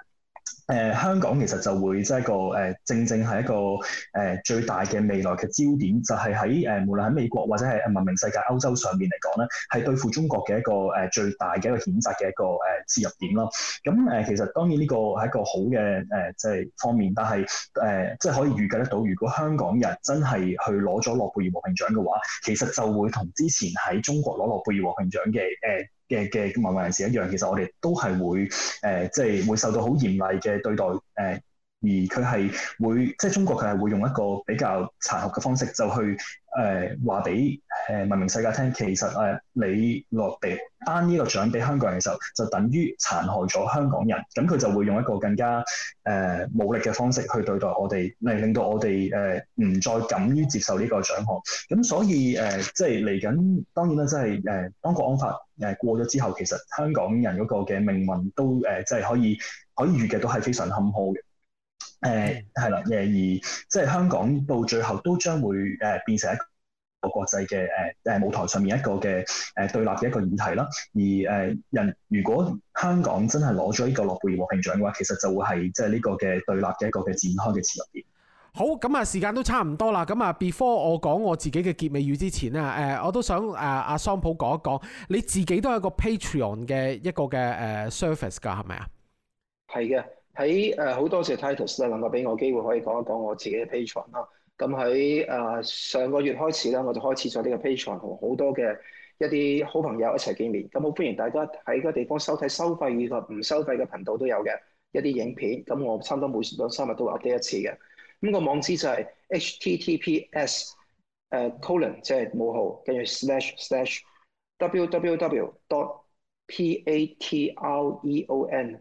誒、呃、香港其實就會即係一個誒、呃、正正係一個誒、呃、最大嘅未來嘅焦點，就係喺誒無論喺美國或者係文明世界歐洲上面嚟講咧，係對付中國嘅一個誒、呃、最大嘅一個譴責嘅一個誒切入點咯。咁、呃、誒、呃、其實當然呢個係一個好嘅誒即係方面，但係誒即係可以預計得到，如果香港人真係去攞咗諾貝爾和平獎嘅話，其實就會同之前喺中國攞諾貝爾和平獎嘅誒。呃嘅嘅文化人士一樣，其實我哋都係會誒，即、呃、係、就係、會受到好嚴厲嘅對待誒。呃而佢係會即係中國，佢係會用一個比較殘酷嘅方式，就去誒話俾誒文明世界聽，其實誒、呃、你落地頒呢個獎俾香港人嘅時候，就等於殘害咗香港人。咁佢就會用一個更加誒、呃、武力嘅方式去對待我哋，嚟令到我哋誒唔再敢於接受呢個獎項。咁所以誒、呃，即係嚟緊，當然啦，即係誒《當、呃、國安法》誒過咗之後，其實香港人嗰個嘅命運都誒、呃、即係可以可以預計到係非常坎坷嘅。誒係啦，誒、嗯、而即係香港到最後都將會誒變成一個國際嘅誒誒舞台上面一個嘅誒對立嘅一個議題啦。而誒人如果香港真係攞咗呢個諾貝爾和平獎嘅話，其實就會係即係呢個嘅對立嘅一個嘅展開嘅詞入邊。好，咁啊時間都差唔多啦。咁啊 before 我講我自己嘅結尾語之前啊，誒我都想誒阿桑普講一講，你自己都係一個 Patreon 嘅一個嘅誒 service 㗎，係咪啊？係嘅。喺誒好多謝 Titus 能夠俾我機會可以講一講我自己嘅 Patreon 啦。咁喺誒上個月開始啦，我就開始咗呢個 Patreon 同好多嘅一啲好朋友一齊見面。咁好歡迎大家喺個地方收睇收費以及唔收費嘅頻道都有嘅一啲影片。咁我差唔多每兩三日都會 update 一次嘅。咁個網址就係 https 誒、uh, colon 即係冇號，跟住 slash slash www dot patreon p a t r o n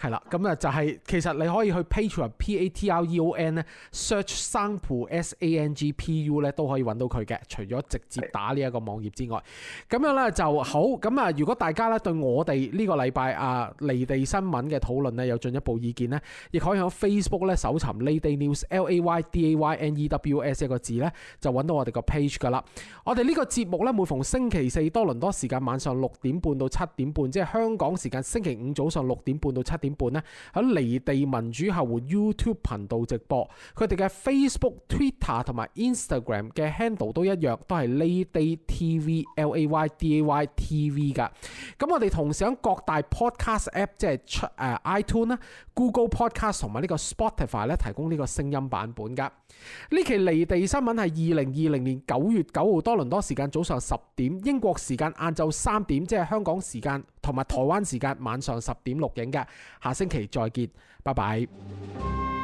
係啦，咁啊就係、是，其實你可以去 Patreon 咧、e、，search 桑普 S A N G P U 咧都可以揾到佢嘅，除咗直接打呢一個網頁之外，咁樣咧就好。咁啊，如果大家咧對我哋呢個禮拜啊離地新聞嘅討論呢有進一步意見呢，亦可以喺 Facebook 咧搜尋 Lady News L, new s, L A Y D A Y N E W S 一個字呢，就揾到我哋個 page 噶啦。我哋呢個節目呢，每逢星期四多倫多時間晚上六點半到七點半，即係香港時間星期五早上六點半到七點點半咧喺離地民主後援 YouTube 頻道直播，佢哋嘅 Facebook、Twitter 同埋 Instagram 嘅 handle 都一樣，都係 Lady TV，LayDay TV 噶。咁我哋同時喺各大 Podcast app，即係出誒 iTunes 啦、Google Podcast 同埋呢個 Spotify 咧，提供呢個聲音版本噶。呢期離地新聞係二零二零年九月九號多倫多時間早上十點，英國時間晏晝三點，即係香港時間，同埋台灣時間晚上十點錄影嘅，下星期再見，拜拜。